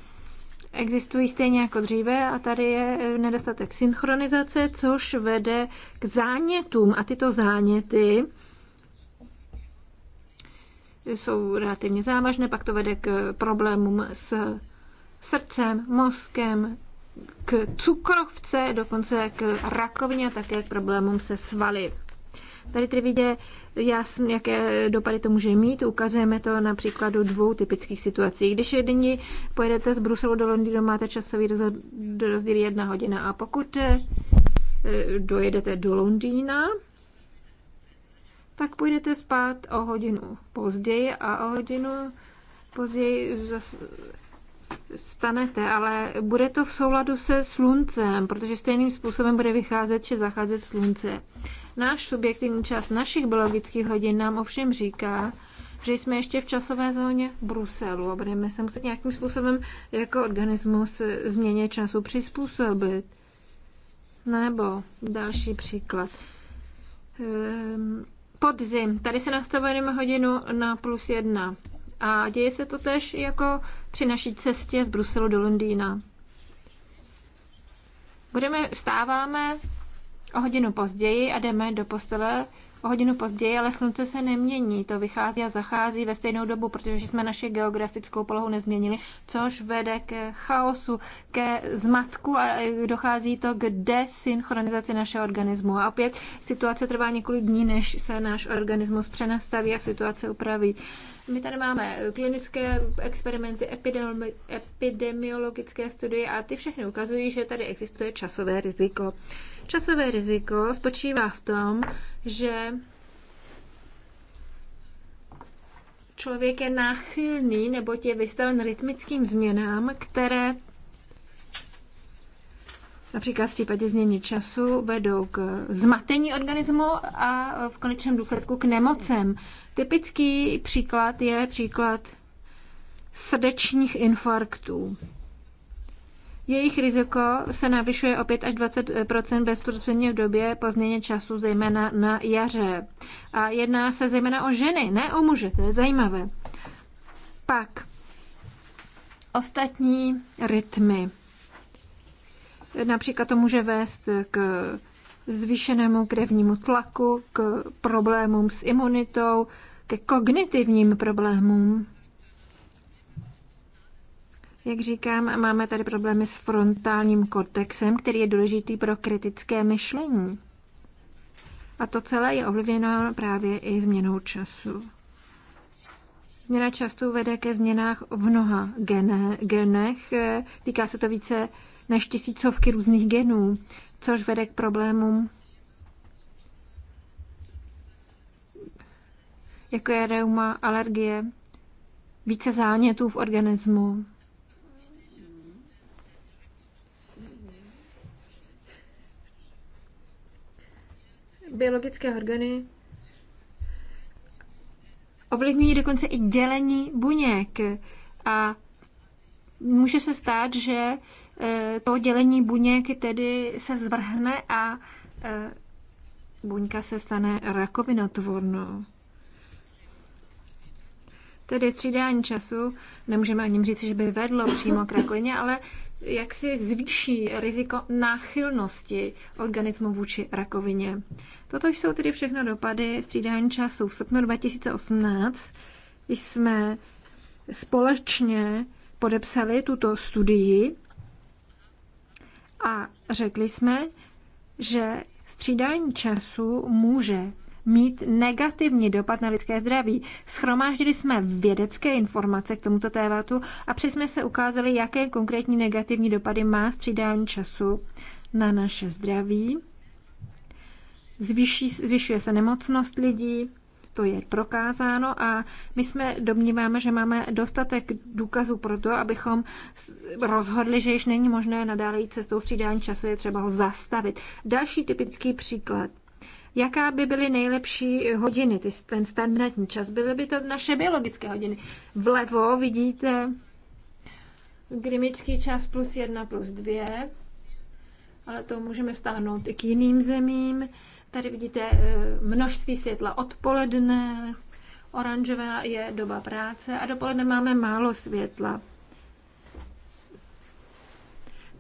A: existují stejně jako dříve a tady je eh, nedostatek synchronizace, což vede k zánětům a tyto záněty jsou relativně závažné, pak to vede k problémům s srdcem, mozkem, k cukrovce, dokonce k rakovině a také k problémům se svaly. Tady tedy vidě jasně, jaké dopady to může mít. Ukazujeme to na příkladu dvou typických situací. Když jeden pojedete z Bruselu do Londýna, máte časový rozdíl jedna hodina. A pokud eh, dojedete do Londýna, tak půjdete spát o hodinu později a o hodinu později zase stanete, ale bude to v souladu se sluncem, protože stejným způsobem bude vycházet či zacházet slunce. Náš subjektivní čas našich biologických hodin nám ovšem říká, že jsme ještě v časové zóně Bruselu a budeme se muset nějakým způsobem jako organismus změně času přizpůsobit. Nebo další příklad. Ehm, podzim. Tady se nastavujeme hodinu na plus jedna. A děje se to tež jako při naší cestě z Bruselu do Londýna. Budeme, vstáváme o hodinu později a jdeme do postele o hodinu později, ale slunce se nemění. To vychází a zachází ve stejnou dobu, protože jsme naše geografickou polohu nezměnili, což vede k chaosu, ke zmatku a dochází to k desynchronizaci našeho organismu. A opět situace trvá několik dní, než se náš organismus přenastaví a situace upraví. My tady máme klinické experimenty, epidemiologické studie a ty všechny ukazují, že tady existuje časové riziko. Časové riziko spočívá v tom, že člověk je náchylný, nebo je vystaven rytmickým změnám, které například v případě změny času vedou k zmatení organismu a v konečném důsledku k nemocem. Typický příklad je příklad srdečních infarktů. Jejich riziko se navyšuje o 5 až 20 bezprostředně v době po změně času, zejména na jaře. A jedná se zejména o ženy, ne o muže, to je zajímavé. Pak ostatní rytmy. Například to může vést k zvýšenému krevnímu tlaku, k problémům s imunitou, ke kognitivním problémům. Jak říkám, máme tady problémy s frontálním kortexem, který je důležitý pro kritické myšlení. A to celé je ovlivněno právě i změnou času. Změna času vede ke změnách v mnoha gene, genech. Týká se to více než tisícovky různých genů, což vede k problémům, jako je reuma, alergie, více zánětů v organismu, biologické organy. ovlivňují dokonce i dělení buněk. A může se stát, že eh, to dělení buněk tedy se zvrhne a eh, buňka se stane rakovinotvornou. Tedy třídání času, nemůžeme ani říct, že by vedlo přímo k rakovině, ale jak si zvýší riziko náchylnosti organismu vůči rakovině. Toto jsou tedy všechno dopady střídání času. V srpnu 2018 jsme společně podepsali tuto studii a řekli jsme, že střídání času může mít negativní dopad na lidské zdraví. Schromáždili jsme vědecké informace k tomuto tématu a přesně se ukázali, jaké konkrétní negativní dopady má střídání času na naše zdraví. Zvyší, zvyšuje se nemocnost lidí, to je prokázáno a my jsme domníváme, že máme dostatek důkazů pro to, abychom rozhodli, že již není možné nadále jít cestou střídání času, je třeba ho zastavit. Další typický příklad jaká by byly nejlepší hodiny, ty, ten standardní čas. Byly by to naše biologické hodiny. Vlevo vidíte grimický čas plus jedna plus dvě, ale to můžeme stáhnout i k jiným zemím. Tady vidíte eh, množství světla odpoledne, oranžová je doba práce a dopoledne máme málo světla.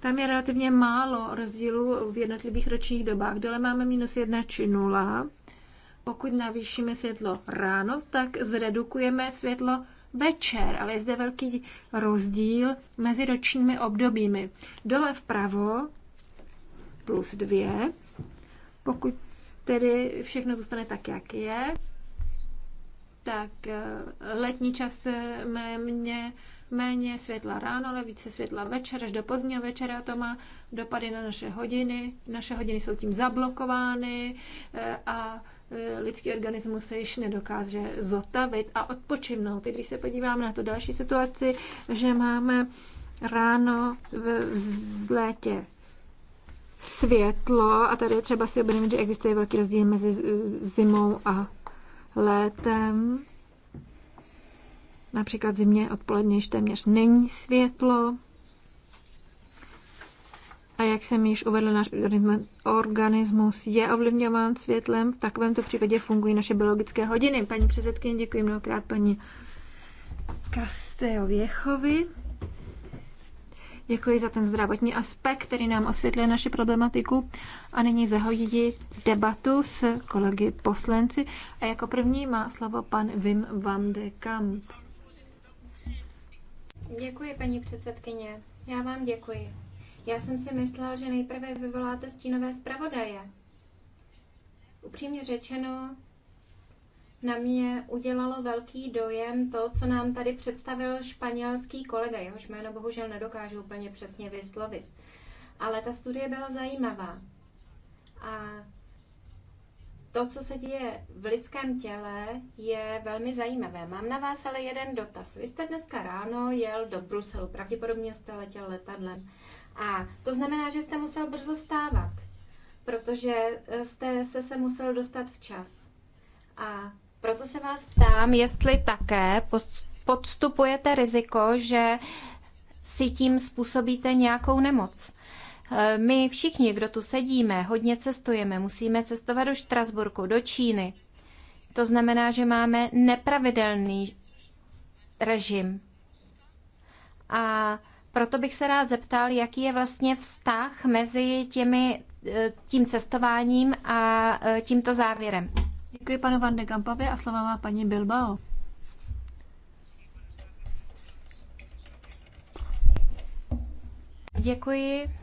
A: Tam je relativně málo rozdílů v jednotlivých ročních dobách. Dole máme minus 1 či 0. Pokud navýšíme světlo ráno, tak zredukujeme světlo večer, ale je zde velký rozdíl mezi ročními obdobími. Dole vpravo plus 2, pokud tedy všechno zůstane tak, jak je, tak eh, letní čas mě méně světla ráno, ale více světla večer až do pozdního večera. To má dopady na naše hodiny. Naše hodiny jsou tím zablokovány eh, a eh, lidský organismus se již nedokáže zotavit a odpočinout. když se podíváme na tu další situaci, že máme ráno v vzlétě světlo a tady je třeba si uvědomit, že existuje velký rozdíl mezi zimou a létem. Například zimě odpoledne již téměř není světlo. A jak jsem již uvedl, náš organismus je ovlivňován světlem. V takovémto případě fungují naše biologické hodiny. Paní předsedkyně, děkuji mnohokrát paní Kastejověchovi. Děkuji za ten zdravotní aspekt, který nám osvětluje naši problematiku. A nyní zahodí debatu s kolegy poslanci. A jako první má slovo pan Wim van de Kamp.
B: Děkuji, paní předsedkyně. Já vám děkuji. Já jsem si myslel, že nejprve vyvoláte stínové zpravodaje. Upřímně řečeno, na mě udělalo velký dojem to, co nám tady představil španělský kolega. Jehož jméno bohužel nedokážu úplně přesně vyslovit. Ale ta studie byla zajímavá. A to, co se děje v lidském těle, je velmi zajímavé. Mám na vás ale jeden dotaz. Vy jste dneska ráno jel do Bruselu, pravděpodobně jste letěl letadlem. A to znamená, že jste musel brzo vstávat, protože eh, jste se, se musel dostat včas. A proto se vás ptám, jestli také podstupujete riziko, že si tím způsobíte nějakou nemoc. Eh, my všichni, kdo tu sedíme, hodně cestujeme, musíme cestovat do Štrasburku, do Číny. To znamená, že máme nepravidelný režim. A proto bych se rád zeptal, jaký je vlastně vztah mezi těmi, eh, tím cestováním a eh, tímto závěrem. Děkuji panu Van de Gampavě a slova má paní Bilbao. Děkuji.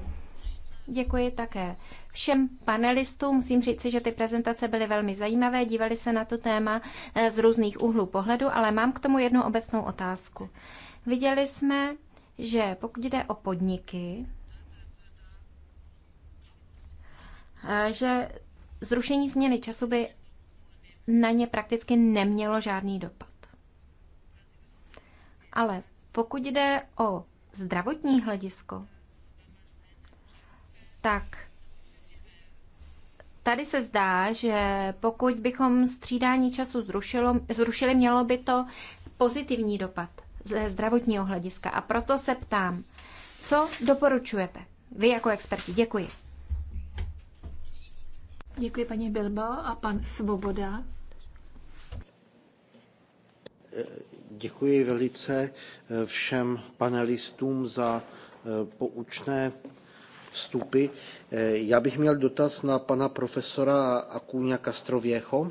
B: Děkuji také všem panelistům. Musím říci, že ty prezentace byly velmi zajímavé, dívali se na to téma eh, z různých úhlů pohledu, ale mám k tomu jednu obecnou otázku. Viděli jsme, že pokud jde o podniky, eh, že zrušení změny času by na ně prakticky nemělo žádný dopad. Ale pokud jde o zdravotní hledisko, tak tady se zdá, že pokud bychom střídání času zrušilo, zrušili, mělo by to pozitivní dopad ze zdravotního hlediska. A proto se ptám, co doporučujete? Vy jako experti, děkuji.
A: Děkuji paní Bilbao a pan Svoboda.
C: Děkuji velice všem panelistům za eh, poučné vstupy. Eh, já bych měl dotaz na pana profesora Akůňa Kastrověcho. Eh,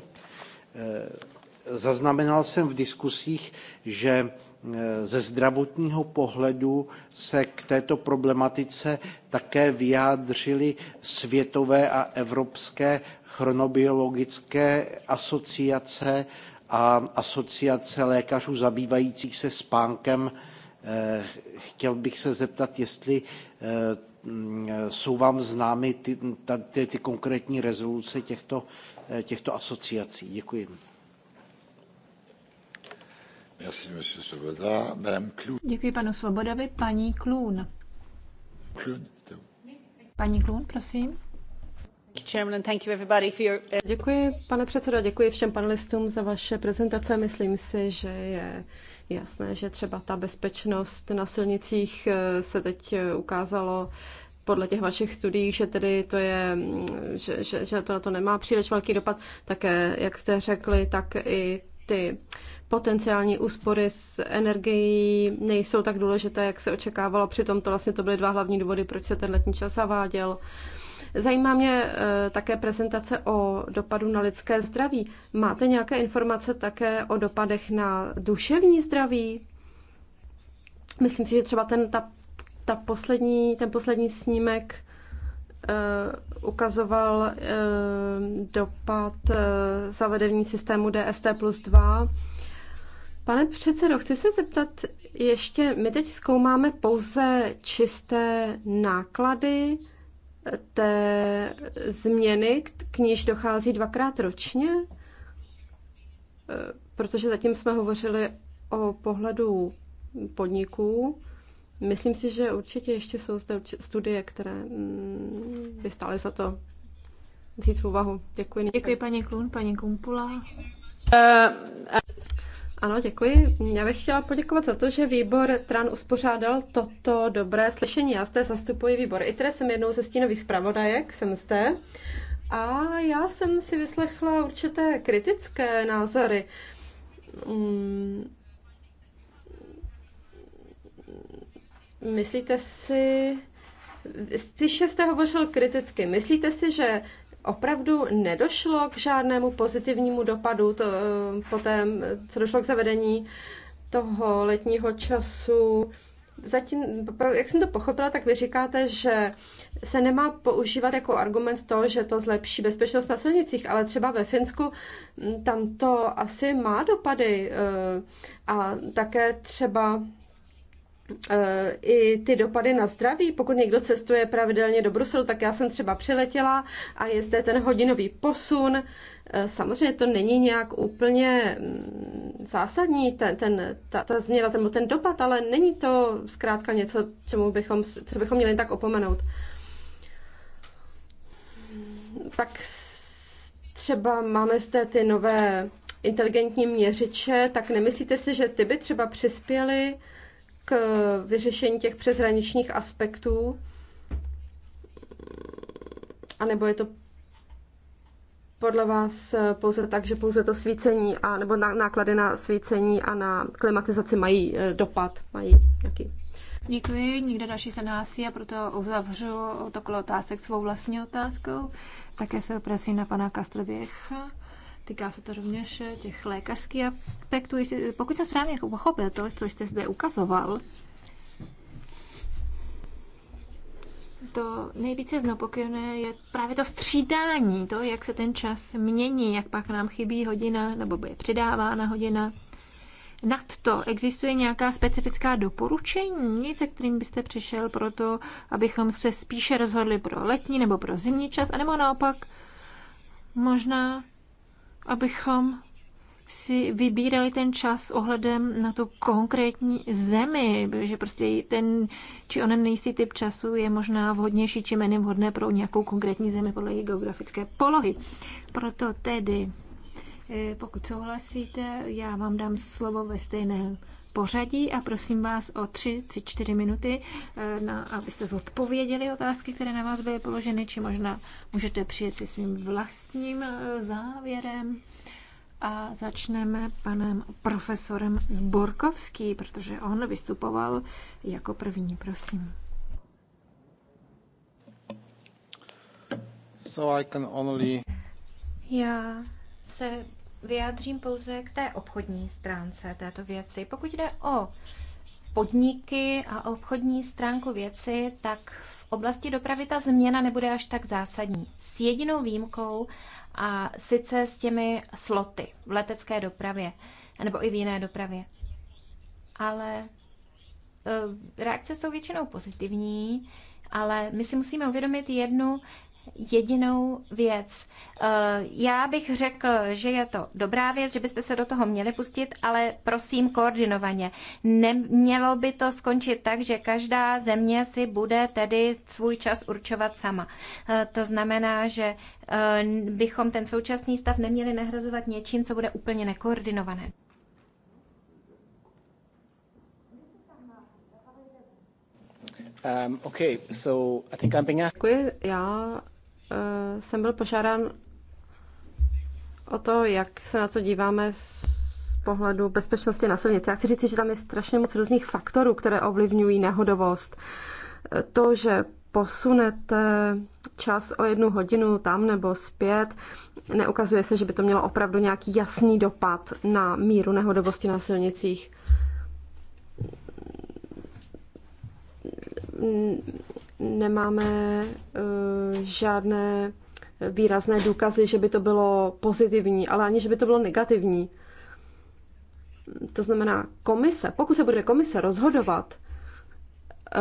C: zaznamenal jsem v diskusích, že eh, ze zdravotního pohledu se k této problematice také vyjádřily světové a evropské chronobiologické asociace a asociace lékařů zabývajících se spánkem. Chtěl bych se zeptat, jestli Mm, jsou vám známy ty, ty, ty konkrétní rezoluce těchto, eh, těchto asociací? Děkuji.
A: Děkuji panu Svobodovi. Paní Klún.
D: Paní Klún, prosím. Uh, děkuji, pane předsedo, děkuji všem panelistům za vaše prezentace. Myslím si, že je Jasné, že třeba ta bezpečnost na silnicích eh, se teď eh, ukázalo podle těch vašich studií, že tedy to je, mm, že, že, že to na to nemá příliš velký dopad, také, jak jste řekli, tak i ty potenciální úspory s energií nejsou tak důležité, jak se očekávalo. Přitom to vlastně to byly dva hlavní důvody, proč se ten letní čas zaváděl. Uh, Zajímá mě eh, také prezentace o dopadu na lidské zdraví. Máte nějaké informace také o dopadech na duševní zdraví? Myslím si, že třeba ten, ta, ta poslední, ten poslední snímek eh, ukazoval eh, dopad zavedení systému DST plus 2. Pane předsedo, chci se zeptat ještě, my teď zkoumáme pouze čisté náklady, té změny, k níž dochází dvakrát ročně, eh, protože zatím jsme hovořili o pohledu podniků. Myslím si, že určitě ještě jsou zde studie, které mm, by stály za to vzít v úvahu. Děkuji. Děkuji paní Kun, paní Kumpula. Eh, ano, děkuji. Já bych chtěla poděkovat za to, že výbor TRAN uspořádal toto dobré slyšení. Já zde zastupuji výbor ITRE, jsem jednou ze stínových zpravodajek, jsem zde. A já jsem si vyslechla určité kritické názory. Mm. Myslíte si, spíše jste hovořil kriticky, myslíte si, že opravdu nedošlo k žádnému pozitivnímu dopadu to, eh, poté, co došlo k zavedení toho letního času. Zatím, jak jsem to pochopila, tak vy říkáte, že se nemá používat jako argument to, že to zlepší bezpečnost na silnicích, ale třeba ve Finsku mm, tam to asi má dopady eh, a také třeba Eh, i ty dopady na zdraví. Pokud někdo cestuje pravidelně do Bruselu, tak já jsem třeba přiletěla a je zde ten hodinový posun. Eh, samozřejmě to není nějak úplně mm, zásadní, ten, ten, ta, ta změna, ten, ten dopad, ale není to zkrátka něco, čemu bychom, co bychom měli tak opomenout. Pak třeba máme zde ty nové inteligentní měřiče, tak nemyslíte si, že ty by třeba přispěly k eh, vyřešení těch přeshraničních aspektů, a nebo je to podle vás eh, pouze tak, že pouze to svícení a nebo náklady na svícení a na klimatizaci mají eh, dopad, mají nějaký.
A: Děkuji, nikdo další se nehlásí a proto uzavřu to otázek svou vlastní otázkou.
D: Také se prosím
A: na pana Kastroběcha. Týká se to rovněž eh, těch lékařských aspektů. Pokud jsem správně jako pochopil to, co jste zde ukazoval, to nejvíce znepokojené je právě to střídání, to, jak se ten čas mění, jak pak nám chybí hodina nebo je přidávána hodina. Nad to existuje nějaká specifická doporučení, se kterým byste přišel pro to, abychom se spíše rozhodli pro letní nebo pro zimní čas, anebo naopak možná abychom si vybírali ten čas ohledem na tu konkrétní zemi, že prostě ten či onen nejistý typ času je možná vhodnější či méně vhodné pro nějakou konkrétní zemi podle její geografické polohy. Proto tedy, eh, pokud souhlasíte, já vám dám slovo ve stejném pořadí a prosím vás o 3-4 minuty, eh, na, abyste zodpověděli otázky, které na vás byly položeny, či možná můžete přijet si svým vlastním eh, závěrem. A začneme panem profesorem Borkovský, protože on vystupoval jako první, prosím.
C: So I can only...
B: Já se vyjádřím pouze k té obchodní stránce této věci. Pokud jde o podniky a obchodní stránku věci, tak v oblasti dopravy ta změna nebude až tak zásadní. S jedinou výjimkou a sice s těmi sloty v letecké dopravě nebo i v jiné dopravě. Ale eh, reakce jsou většinou pozitivní, ale my si musíme uvědomit jednu jedinou věc. Eh, já bych řekl, že je to dobrá věc, že byste se do toho měli pustit, ale prosím koordinovaně. Nemělo by to skončit tak, že každá země si bude tedy svůj čas určovat sama. Eh, to znamená, že eh, bychom ten současný stav neměli nahrazovat něčím, co bude úplně nekoordinované.
C: Um,
D: okay, so I think I'm being... já Eh, jsem byl požádán o to, jak se na to díváme z pohledu bezpečnosti na silnici. Já chci říct, že tam je strašně moc různých faktorů, které ovlivňují nehodovost. Eh, to, že posunete čas o jednu hodinu tam nebo zpět, neukazuje se, že by to mělo opravdu nějaký jasný dopad na míru nehodovosti na silnicích nemáme eh, žádné výrazné důkazy, že by to bylo pozitivní, ale ani, že by to bylo negativní. To znamená, komise, pokud se bude komise rozhodovat eh,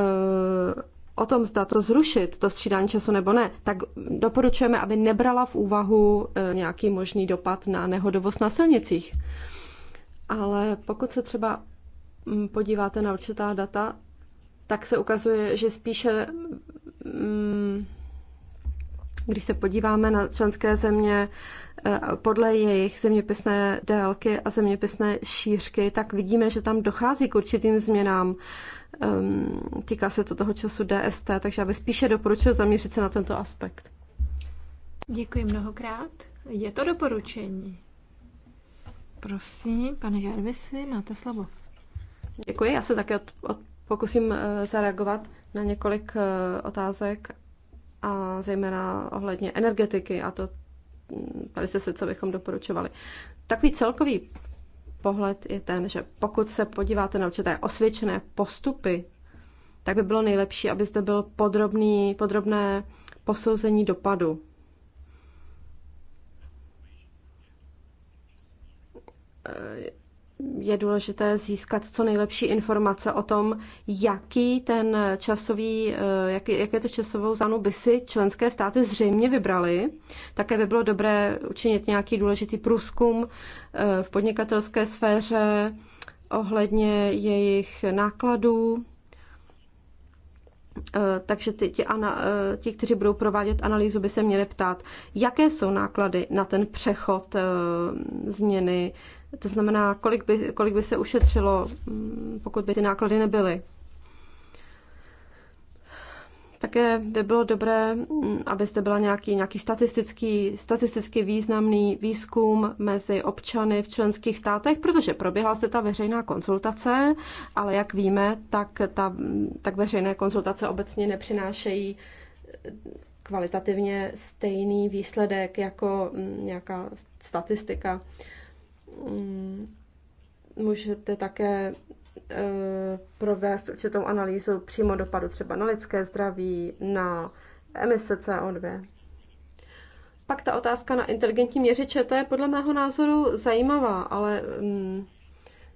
D: o tom, zda to zrušit, to střídání času nebo ne, tak doporučujeme, aby nebrala v úvahu eh, nějaký možný dopad na nehodovost na silnicích. Ale pokud se třeba hm, podíváte na určitá data, tak se ukazuje, že spíše, mm, když se podíváme na členské země eh, podle jejich zeměpisné délky a zeměpisné šířky, tak vidíme, že tam dochází k určitým změnám. Ehm, týká se to toho času DST, takže já bych spíše doporučil zaměřit se na tento aspekt.
A: Děkuji mnohokrát.
D: Je to doporučení. Prosím, pane Jarvisi, máte slovo. Děkuji, já se také od, od, Pokusím eh, zareagovat na několik eh, otázek a zejména ohledně energetiky a to mm, tady se, co bychom doporučovali. Takový celkový pohled je ten, že pokud se podíváte na určité osvědčené postupy, tak by bylo nejlepší, aby zde byl podrobný, podrobné posouzení dopadu. Eh, je důležité získat co nejlepší informace o tom, jaký ten časový, eh, jaký, jaké to časovou zánu by si členské státy zřejmě vybrali. Také by bylo dobré učinit nějaký důležitý průzkum eh, v podnikatelské sféře ohledně jejich nákladů. Eh, takže ti, ti, ana, ti, kteří budou provádět analýzu, by se měli ptát, jaké jsou náklady na ten přechod změny to znamená, kolik by, kolik by se ušetřilo, mm, pokud by ty náklady nebyly. Také by bylo dobré, mm, aby zde byla nějaký, nějaký statistický, statisticky významný výzkum mezi občany v členských státech, protože proběhla se ta veřejná konzultace, ale jak víme, tak, ta, tak veřejné konzultace obecně nepřinášejí kvalitativně stejný výsledek jako mm, nějaká statistika. Mm, můžete také eh, provést určitou analýzu přímo dopadu třeba na lidské zdraví, na emise CO2. Pak ta otázka na inteligentní měřiče, to je podle mého názoru zajímavá, ale mm,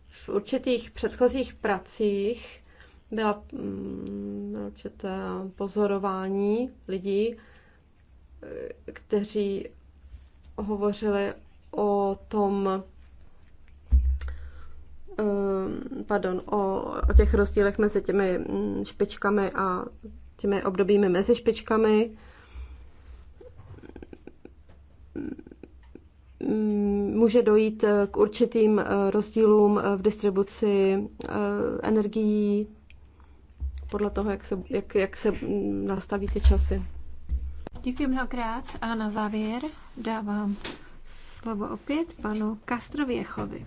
D: v určitých předchozích pracích byla mm, určité pozorování lidí, eh, kteří hovořili o tom, Ehm, pardon, o, o těch rozdílech mezi těmi mm, špičkami a těmi obdobími mezi špičkami. Mm, může dojít eh, k určitým eh, rozdílům eh, v distribuci energií podle toho, jak se, jak, jak se mm, nastaví ty časy.
A: Děkuji mnohokrát a na závěr dávám slovo opět panu Kastrověchovi.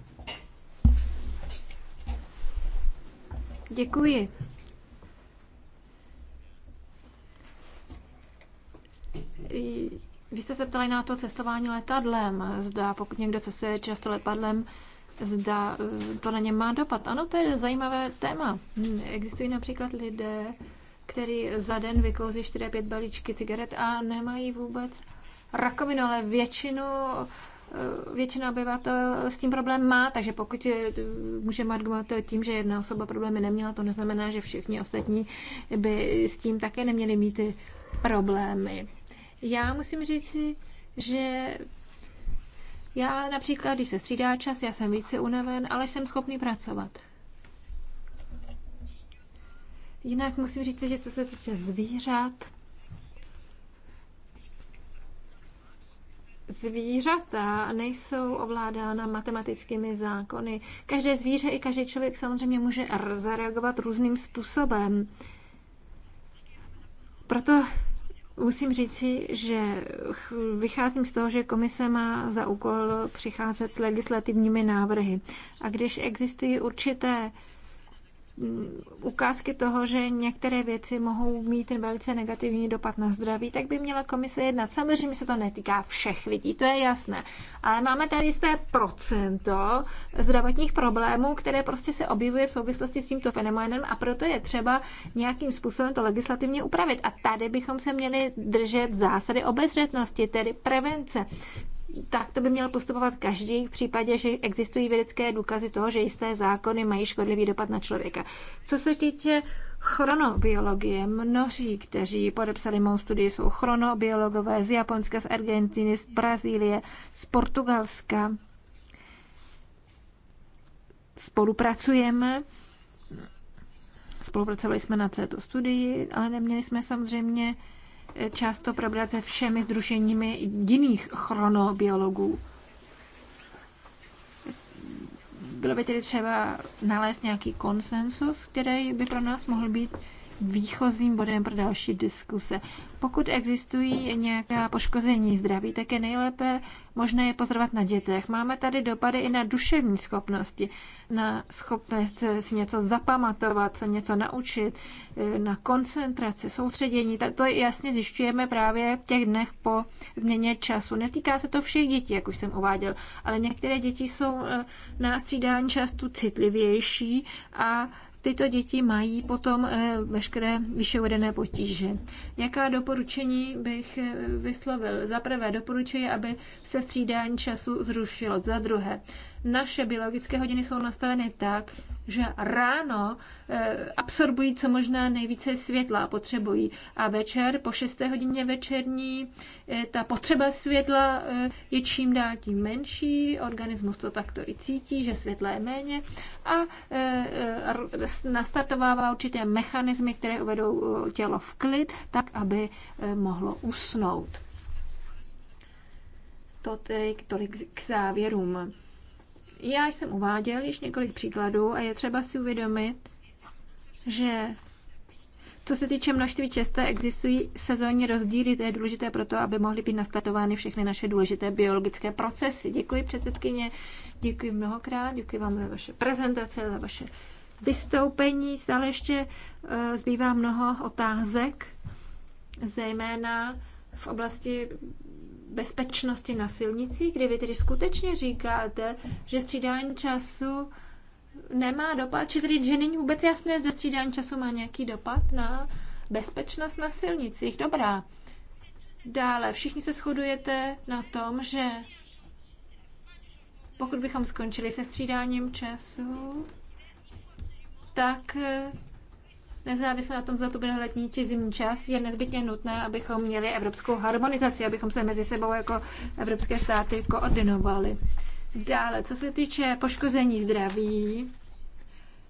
A: Děkuji. Vy jste se ptali na to cestování letadlem. Zda, pokud někdo cestuje často letadlem, zda eh, to na něm má dopad. Ano, to je zajímavé téma. Hm, existují například lidé, kteří za den vykouzí 4-5 balíčky cigaret a nemají vůbec rakovinu, ale většinu většina obyvatel s tím problém má, takže pokud eh, můžeme argumentovat tím, že jedna osoba problémy neměla, to neznamená, že všichni ostatní by s tím také neměli mít ty problémy. Já musím říct si, že já například, když se střídá čas, já jsem více unaven, ale jsem schopný pracovat. Jinak musím říct, že co se týče zvířat, zvířata nejsou ovládána matematickými zákony. Každé zvíře i každý člověk samozřejmě může zareagovat různým způsobem. Proto musím říci, že vycházím z toho, že komise má za úkol přicházet s legislativními návrhy. A když existují určité ukázky toho, že některé věci mohou mít velice negativní dopad na zdraví, tak by měla komise jednat. Samozřejmě se to netýká všech lidí, to je jasné. Ale máme tady jisté procento zdravotních problémů, které prostě se objevuje v souvislosti s tímto fenoménem a proto je třeba nějakým způsobem to legislativně upravit. A tady bychom se měli držet zásady obezřetnosti, tedy prevence tak to by měl postupovat každý v případě, že existují vědecké důkazy toho, že jisté zákony mají škodlivý dopad na člověka. Co se týče chronobiologie, mnozí, kteří podepsali mou studii, jsou chronobiologové z Japonska, z Argentiny, z Brazílie, z Portugalska. Spolupracujeme. Spolupracovali jsme na této studii, ale neměli jsme samozřejmě často probrat se všemi združeními jiných chronobiologů. Bylo by tedy třeba nalézt nějaký konsensus, který by pro nás mohl být výchozím bodem pro další diskuse. Pokud existují nějaká poškození zdraví, tak je nejlépe možné je pozorovat na dětech. Máme tady dopady i na duševní schopnosti, na schopnost si něco zapamatovat, se něco naučit, eh, na koncentraci, soustředění. To jasně zjišťujeme právě v těch dnech po změně času. Netýká se to všech dětí, jak už jsem uváděl, ale některé děti jsou eh, na střídání času citlivější a tyto děti mají potom eh, veškeré vyše uvedené potíže. Jaká doporučení bych eh, vyslovil? Za prvé doporučuji, aby se střídání času zrušilo. Za druhé, naše biologické hodiny jsou nastaveny tak, že ráno eh, absorbují co možná nejvíce světla a potřebují. A večer, po 6. hodině večerní, eh, ta potřeba světla eh, je čím dál tím menší, organismus to takto i cítí, že světla je méně a nastartovává určité mechanismy, které uvedou tělo v klid, tak, aby mohlo usnout. To tedy tolik k závěrům. Já jsem uváděl již několik příkladů a je třeba si uvědomit, že co se týče množství česté, existují sezónní rozdíly, to je důležité proto, aby mohly být nastartovány všechny naše důležité biologické procesy. Děkuji předsedkyně, děkuji mnohokrát, děkuji vám za vaše prezentace, za vaše vystoupení. Stále ještě eh, zbývá mnoho otázek, zejména v oblasti bezpečnosti na silnicích, kdy vy tedy skutečně říkáte, že střídání času nemá dopad, či tedy, že není vůbec jasné, že střídání času má nějaký dopad na bezpečnost na silnicích. Dobrá. Dále, všichni se shodujete na tom, že pokud bychom skončili se střídáním času, tak nezávisle na tom, zda to bude letní či zimní čas, je nezbytně nutné, abychom měli evropskou harmonizaci, abychom se mezi sebou jako evropské státy koordinovali. Dále, co se týče poškození zdraví,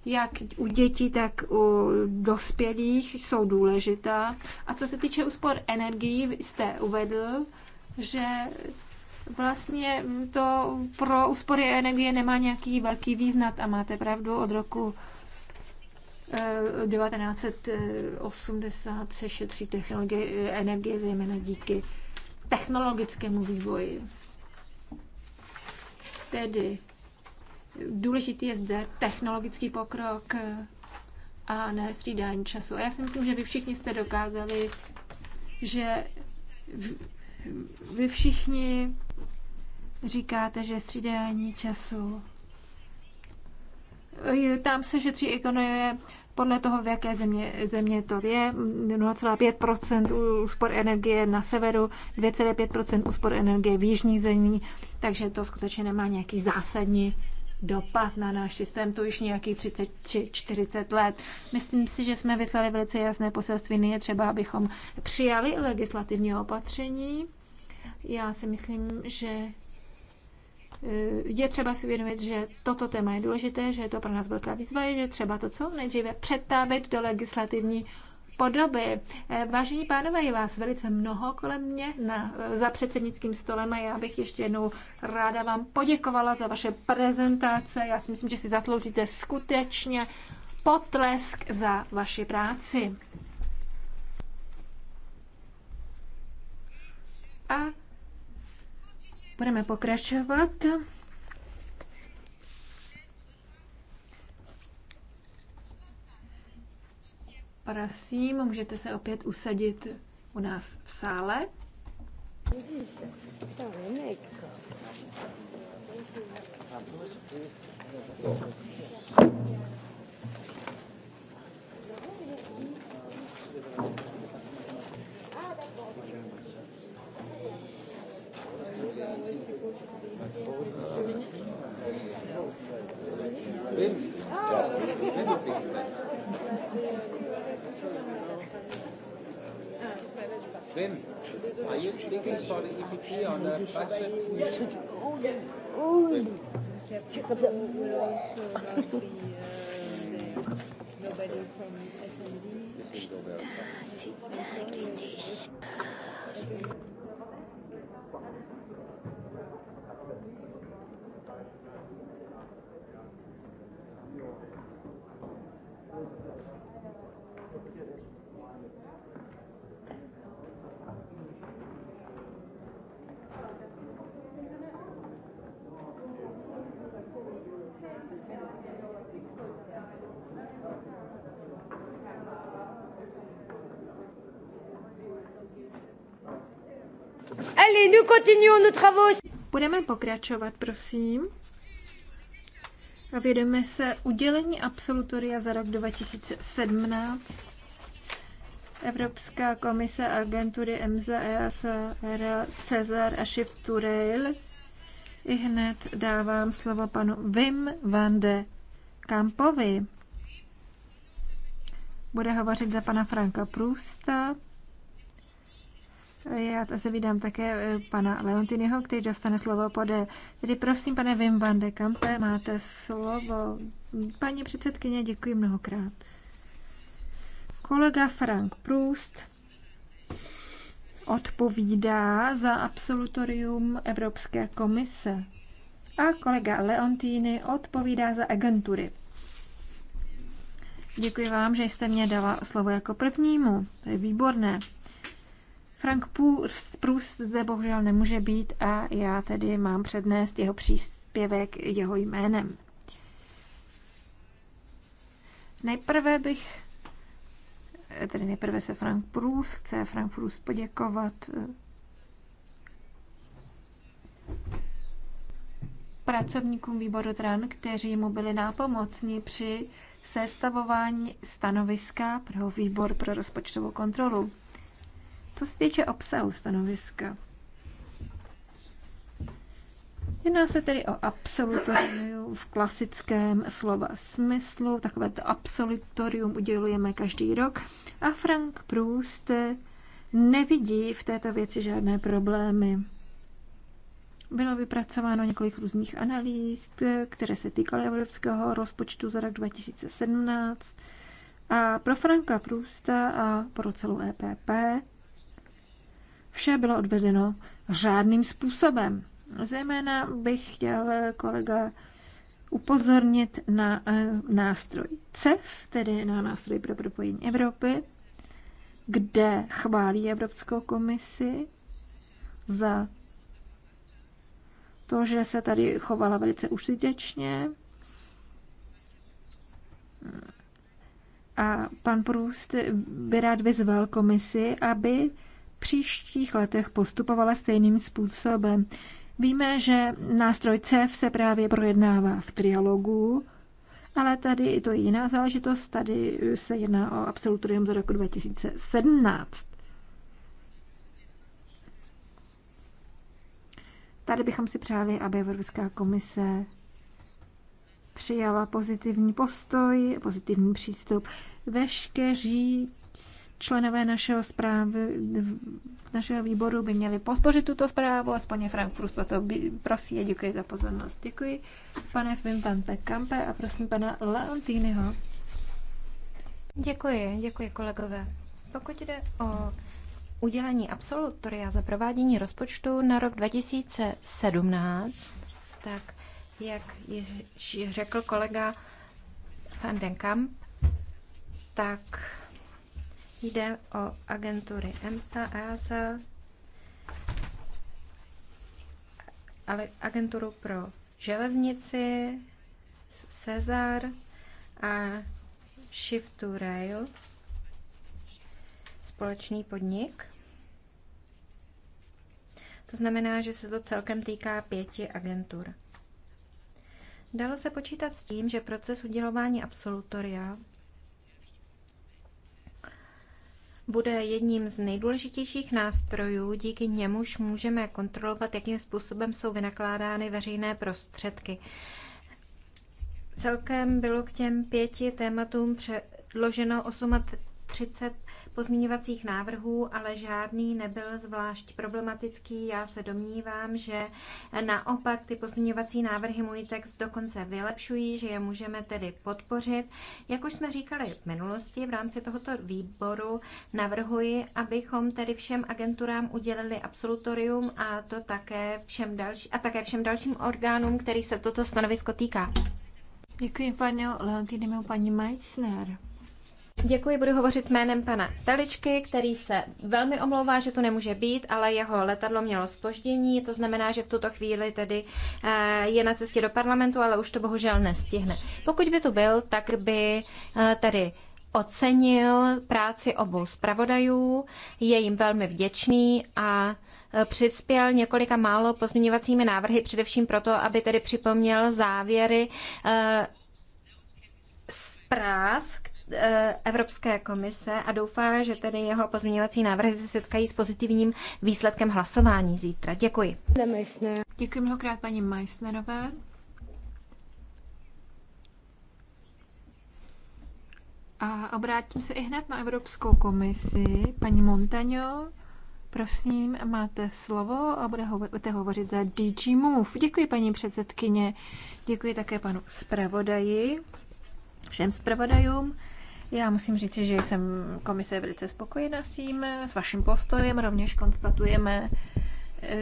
A: jak u dětí, tak u dospělých jsou důležitá. A co se týče úspor energií, jste uvedl, že vlastně to pro úspory energie nemá nějaký velký význam a máte pravdu od roku 1980 se šetří technologie, energie zejména díky technologickému vývoji. Tedy důležitý je zde technologický pokrok a ne střídání času. A já si myslím, že vy všichni jste dokázali, že vy všichni říkáte, že střídání času tam se šetří ekonomie podle toho, v jaké země, země to je, 0,5 úspor energie na severu, 2,5 úspor energie v jižní zemí, takže to skutečně nemá nějaký zásadní dopad na náš systém, to už nějakých či 40 let. Myslím si, že jsme vyslali velice jasné poselství, je třeba, abychom přijali legislativní opatření. Já si myslím, že Eh, je třeba si uvědomit, že toto téma je důležité, že je to pro nás velká výzva, že třeba to co nejdříve přetávit do legislativní podoby. Eh, vážení pánové, je vás velice mnoho kolem mě na, eh, za předsednickým stolem a já bych ještě jednou ráda vám poděkovala za vaše prezentace. Já si myslím, že si zatloužíte skutečně potlesk za vaši práci. A Budeme pokračovat. Prosím, můžete se opět usadit u nás v sále.
D: Thank you.
C: Wim, are you speaking for the EPP on the budget?
D: Old, Check up the
C: Nobody from SND. Sit
A: Budeme pokračovat, prosím. A vědeme se udělení absolutoria za rok 2017. Evropská komise agentury EMSA, EASA, Cezar a Shift to Rail. I hned dávám slovo panu Wim van de Kampovi. Bude hovořit za pana Franka Prusta. Já se vydám také eh, pana Leontinyho, který dostane slovo pode. Tedy prosím, pane Wim van de Kampe, máte slovo. Paní předsedkyně, děkuji mnohokrát. Kolega Frank Proust odpovídá za absolutorium Evropské komise a kolega Leontýny odpovídá za agentury. Děkuji vám, že jste mě dala slovo jako prvnímu. To je výborné. Frank Proust zde bohužel nemůže být a já tedy mám přednést jeho příspěvek jeho jménem. Nejprve bych tedy nejprve se Frank Prus chce Frank Prus poděkovat eh, pracovníkům výboru TRAN, kteří mu byli nápomocni při sestavování stanoviska pro výbor pro rozpočtovou kontrolu. Co se týče obsahu stanoviska, Jedná se tedy o absolutorium v klasickém slova smyslu. Takovéto absolutorium udělujeme každý rok. A Frank Proust nevidí v této věci žádné problémy. Bylo vypracováno několik různých analýz, které se týkaly evropského rozpočtu za rok 2017. A pro Franka Průsta a pro celou EPP vše bylo odvedeno řádným způsobem. Zejména bych chtěl eh, kolega upozornit na eh, nástroj CEF, tedy na nástroj pro propojení Evropy, kde chválí Evropskou komisi za to, že se tady chovala velice užitečně. A pan Průst by rád vyzval komisi, aby příštích letech postupovala stejným způsobem. Víme, že nástroj CEF se právě projednává v trialogu, ale tady to je jiná záležitost. Tady se jedná o absolutorium z roku 2017. Tady bychom si přáli, aby Evropská komise přijala pozitivní postoj, pozitivní přístup. veškerý. Členové našeho, zprávy, našeho výboru by měli podpořit tuto zprávu, aspoň je Frank Frust to by, prosí a děkuji za pozornost. Děkuji pane Fimpante Kampe a prosím pana Leontýnyho. Děkuji, děkuji kolegové. Pokud jde
B: o udělení absolutoria za provádění rozpočtu na rok 2017, tak jak již řekl kolega Van den Kamp, tak Jde o agentury EMSA, EASA, ale agenturu pro železnici, Cezar a Shift to Rail, společný podnik. To znamená, že se to celkem týká pěti agentur. Dalo se počítat s tím, že proces udělování absolutoria bude jedním z nejdůležitějších nástrojů, díky němuž můžeme kontrolovat, jakým způsobem jsou vynakládány veřejné prostředky. Celkem bylo k těm pěti tématům předloženo 30 pozměňovacích návrhů, ale žádný nebyl zvlášť problematický. Já se domnívám, že naopak ty pozměňovací návrhy můj text dokonce vylepšují, že je můžeme tedy podpořit. Jak už jsme říkali v minulosti, v rámci tohoto výboru navrhuji, abychom tedy všem agenturám udělili absolutorium a to také všem další, a také všem dalším orgánům, který se toto stanovisko týká. Děkuji paní Leontýny, paní Meissner. Děkuji, budu hovořit jménem pana Teličky, který se velmi omlouvá, že tu nemůže být, ale jeho letadlo mělo spoždění, to znamená, že v tuto chvíli tedy eh, je na cestě do parlamentu, ale už to bohužel nestihne. Pokud by tu byl, tak by eh, tady ocenil práci obou zpravodajů, je jim velmi vděčný a eh, přispěl několika málo pozměňovacími návrhy, především proto, aby tedy připomněl závěry zpráv, Eh, Evropské komise a doufá, že tedy jeho pozměňovací návrhy se setkají s pozitivním výsledkem hlasování zítra. Děkuji.
A: Děkuji mnohokrát paní Meissnerové. A obrátím se i hned na Evropskou komisi. Paní Montaño, prosím, máte slovo a budete hovořit za DG Move. Děkuji, paní předsedkyně. Děkuji také panu zpravodaji, všem zpravodajům. Já musím říct, že jsem komise velice spokojená s tím, s vaším postojem. Rovněž konstatujeme,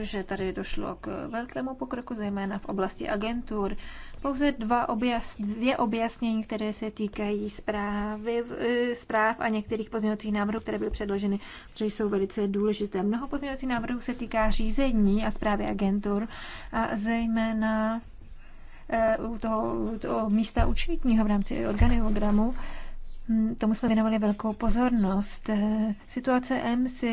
A: že tady došlo k velkému pokroku, zejména v oblasti agentur. Pouze dva objas, dvě objasnění, které se týkají zprávy, eh, zpráv a některých pozměňovacích návrhů, které byly předloženy, Které jsou velice důležité. Mnoho pozměňovacích návrhů se týká řízení a zprávy agentur, a zejména eh, u toho, toho místa učitního v rámci organigramu Hm, tomu jsme věnovali velkou pozornost. Eh, situace MC,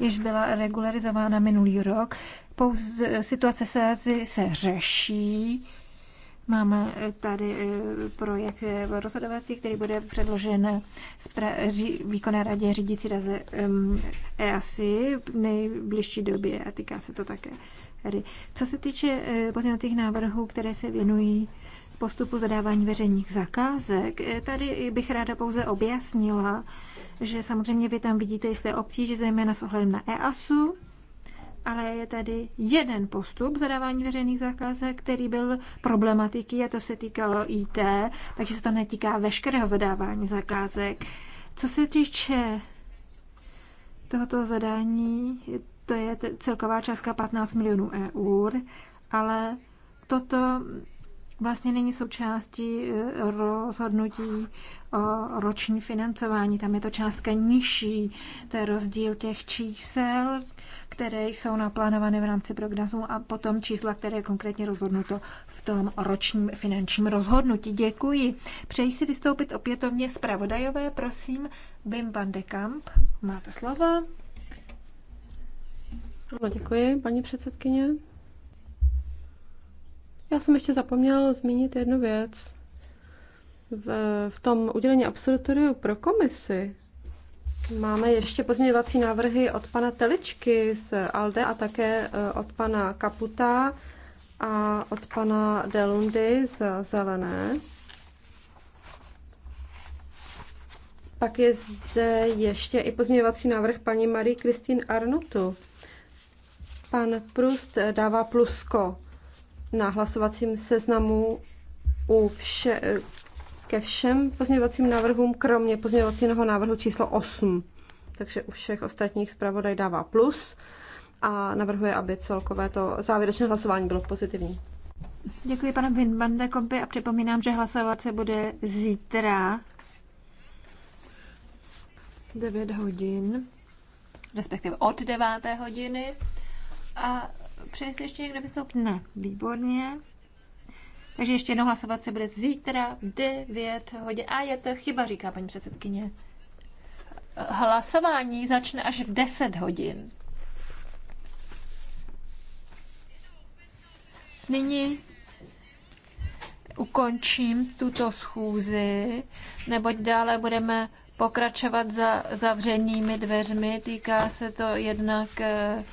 A: jež byla regularizována minulý rok, pouze eh, situace se, se řeší. Máme eh, tady projekt rozhodovací, který bude předložen výkonné radě řídící raze EASI e v nejbližší době a týká se to také. Co se týče pozměňovacích návrhů, které se věnují postupu zadávání veřejných zakázek. E, tady bych ráda pouze objasnila, že samozřejmě vy tam vidíte jisté obtíže, zejména s ohledem na EASu, ale je tady jeden postup zadávání veřejných zakázek, který byl problematický a to se týkalo IT, takže se to netýká veškerého zadávání zakázek. Co se týče tohoto zadání, to je celková částka 15 milionů eur, ale toto vlastně není součástí e, rozhodnutí o roční financování. Tam je to částka nižší. To je rozdíl těch čísel, které jsou naplánované v rámci programu a potom čísla, které je konkrétně rozhodnuto v tom ročním finančním rozhodnutí. Děkuji. Přeji si vystoupit opětovně zpravodajové, prosím. Wim van de Kamp, máte slovo.
D: děkuji, paní předsedkyně. Já jsem ještě zapomněla zmínit jednu věc. V, v tom udělení absolutoriu pro komisi máme ještě pozměňovací návrhy od pana Teličky z ALDE a také e, od pana Kaputa a od pana Delundy z Zelené. Pak je zde ještě i pozměňovací návrh paní Marie Kristýn Arnutu. Pan Prust dává plusko na hlasovacím seznamu u vše, ke všem pozměňovacím návrhům, kromě pozměňovacího návrhu číslo 8. Takže u všech ostatních zpravodaj dává plus a navrhuje, aby celkové to závěrečné hlasování bylo pozitivní.
A: Děkuji panu Vindbandekovi a připomínám, že hlasovat se bude zítra 9 hodin, respektive od 9 hodiny. A Přeje si ještě někdo vystoupit? Ne. Výborně. Takže ještě jednou hlasovat se bude zítra v 9 hodin. A je to chyba, říká paní předsedkyně. Hlasování začne až v 10 hodin. Nyní ukončím tuto schůzi, neboť dále budeme pokračovat za zavřenými dveřmi. Týká se to jednak eh,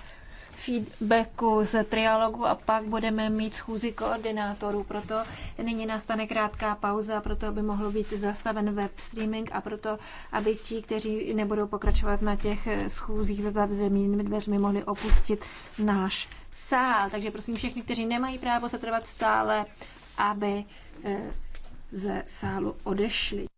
A: feedbacku z trialogu a pak budeme mít schůzi koordinátorů. Proto nyní nastane krátká pauza, proto aby mohlo být zastaven web streaming a proto, aby ti, kteří nebudou pokračovat na těch eh, schůzích za zavřenými dveřmi, mohli opustit náš sál. Takže prosím všechny, kteří nemají právo zatrvat stále, aby eh, ze sálu odešli.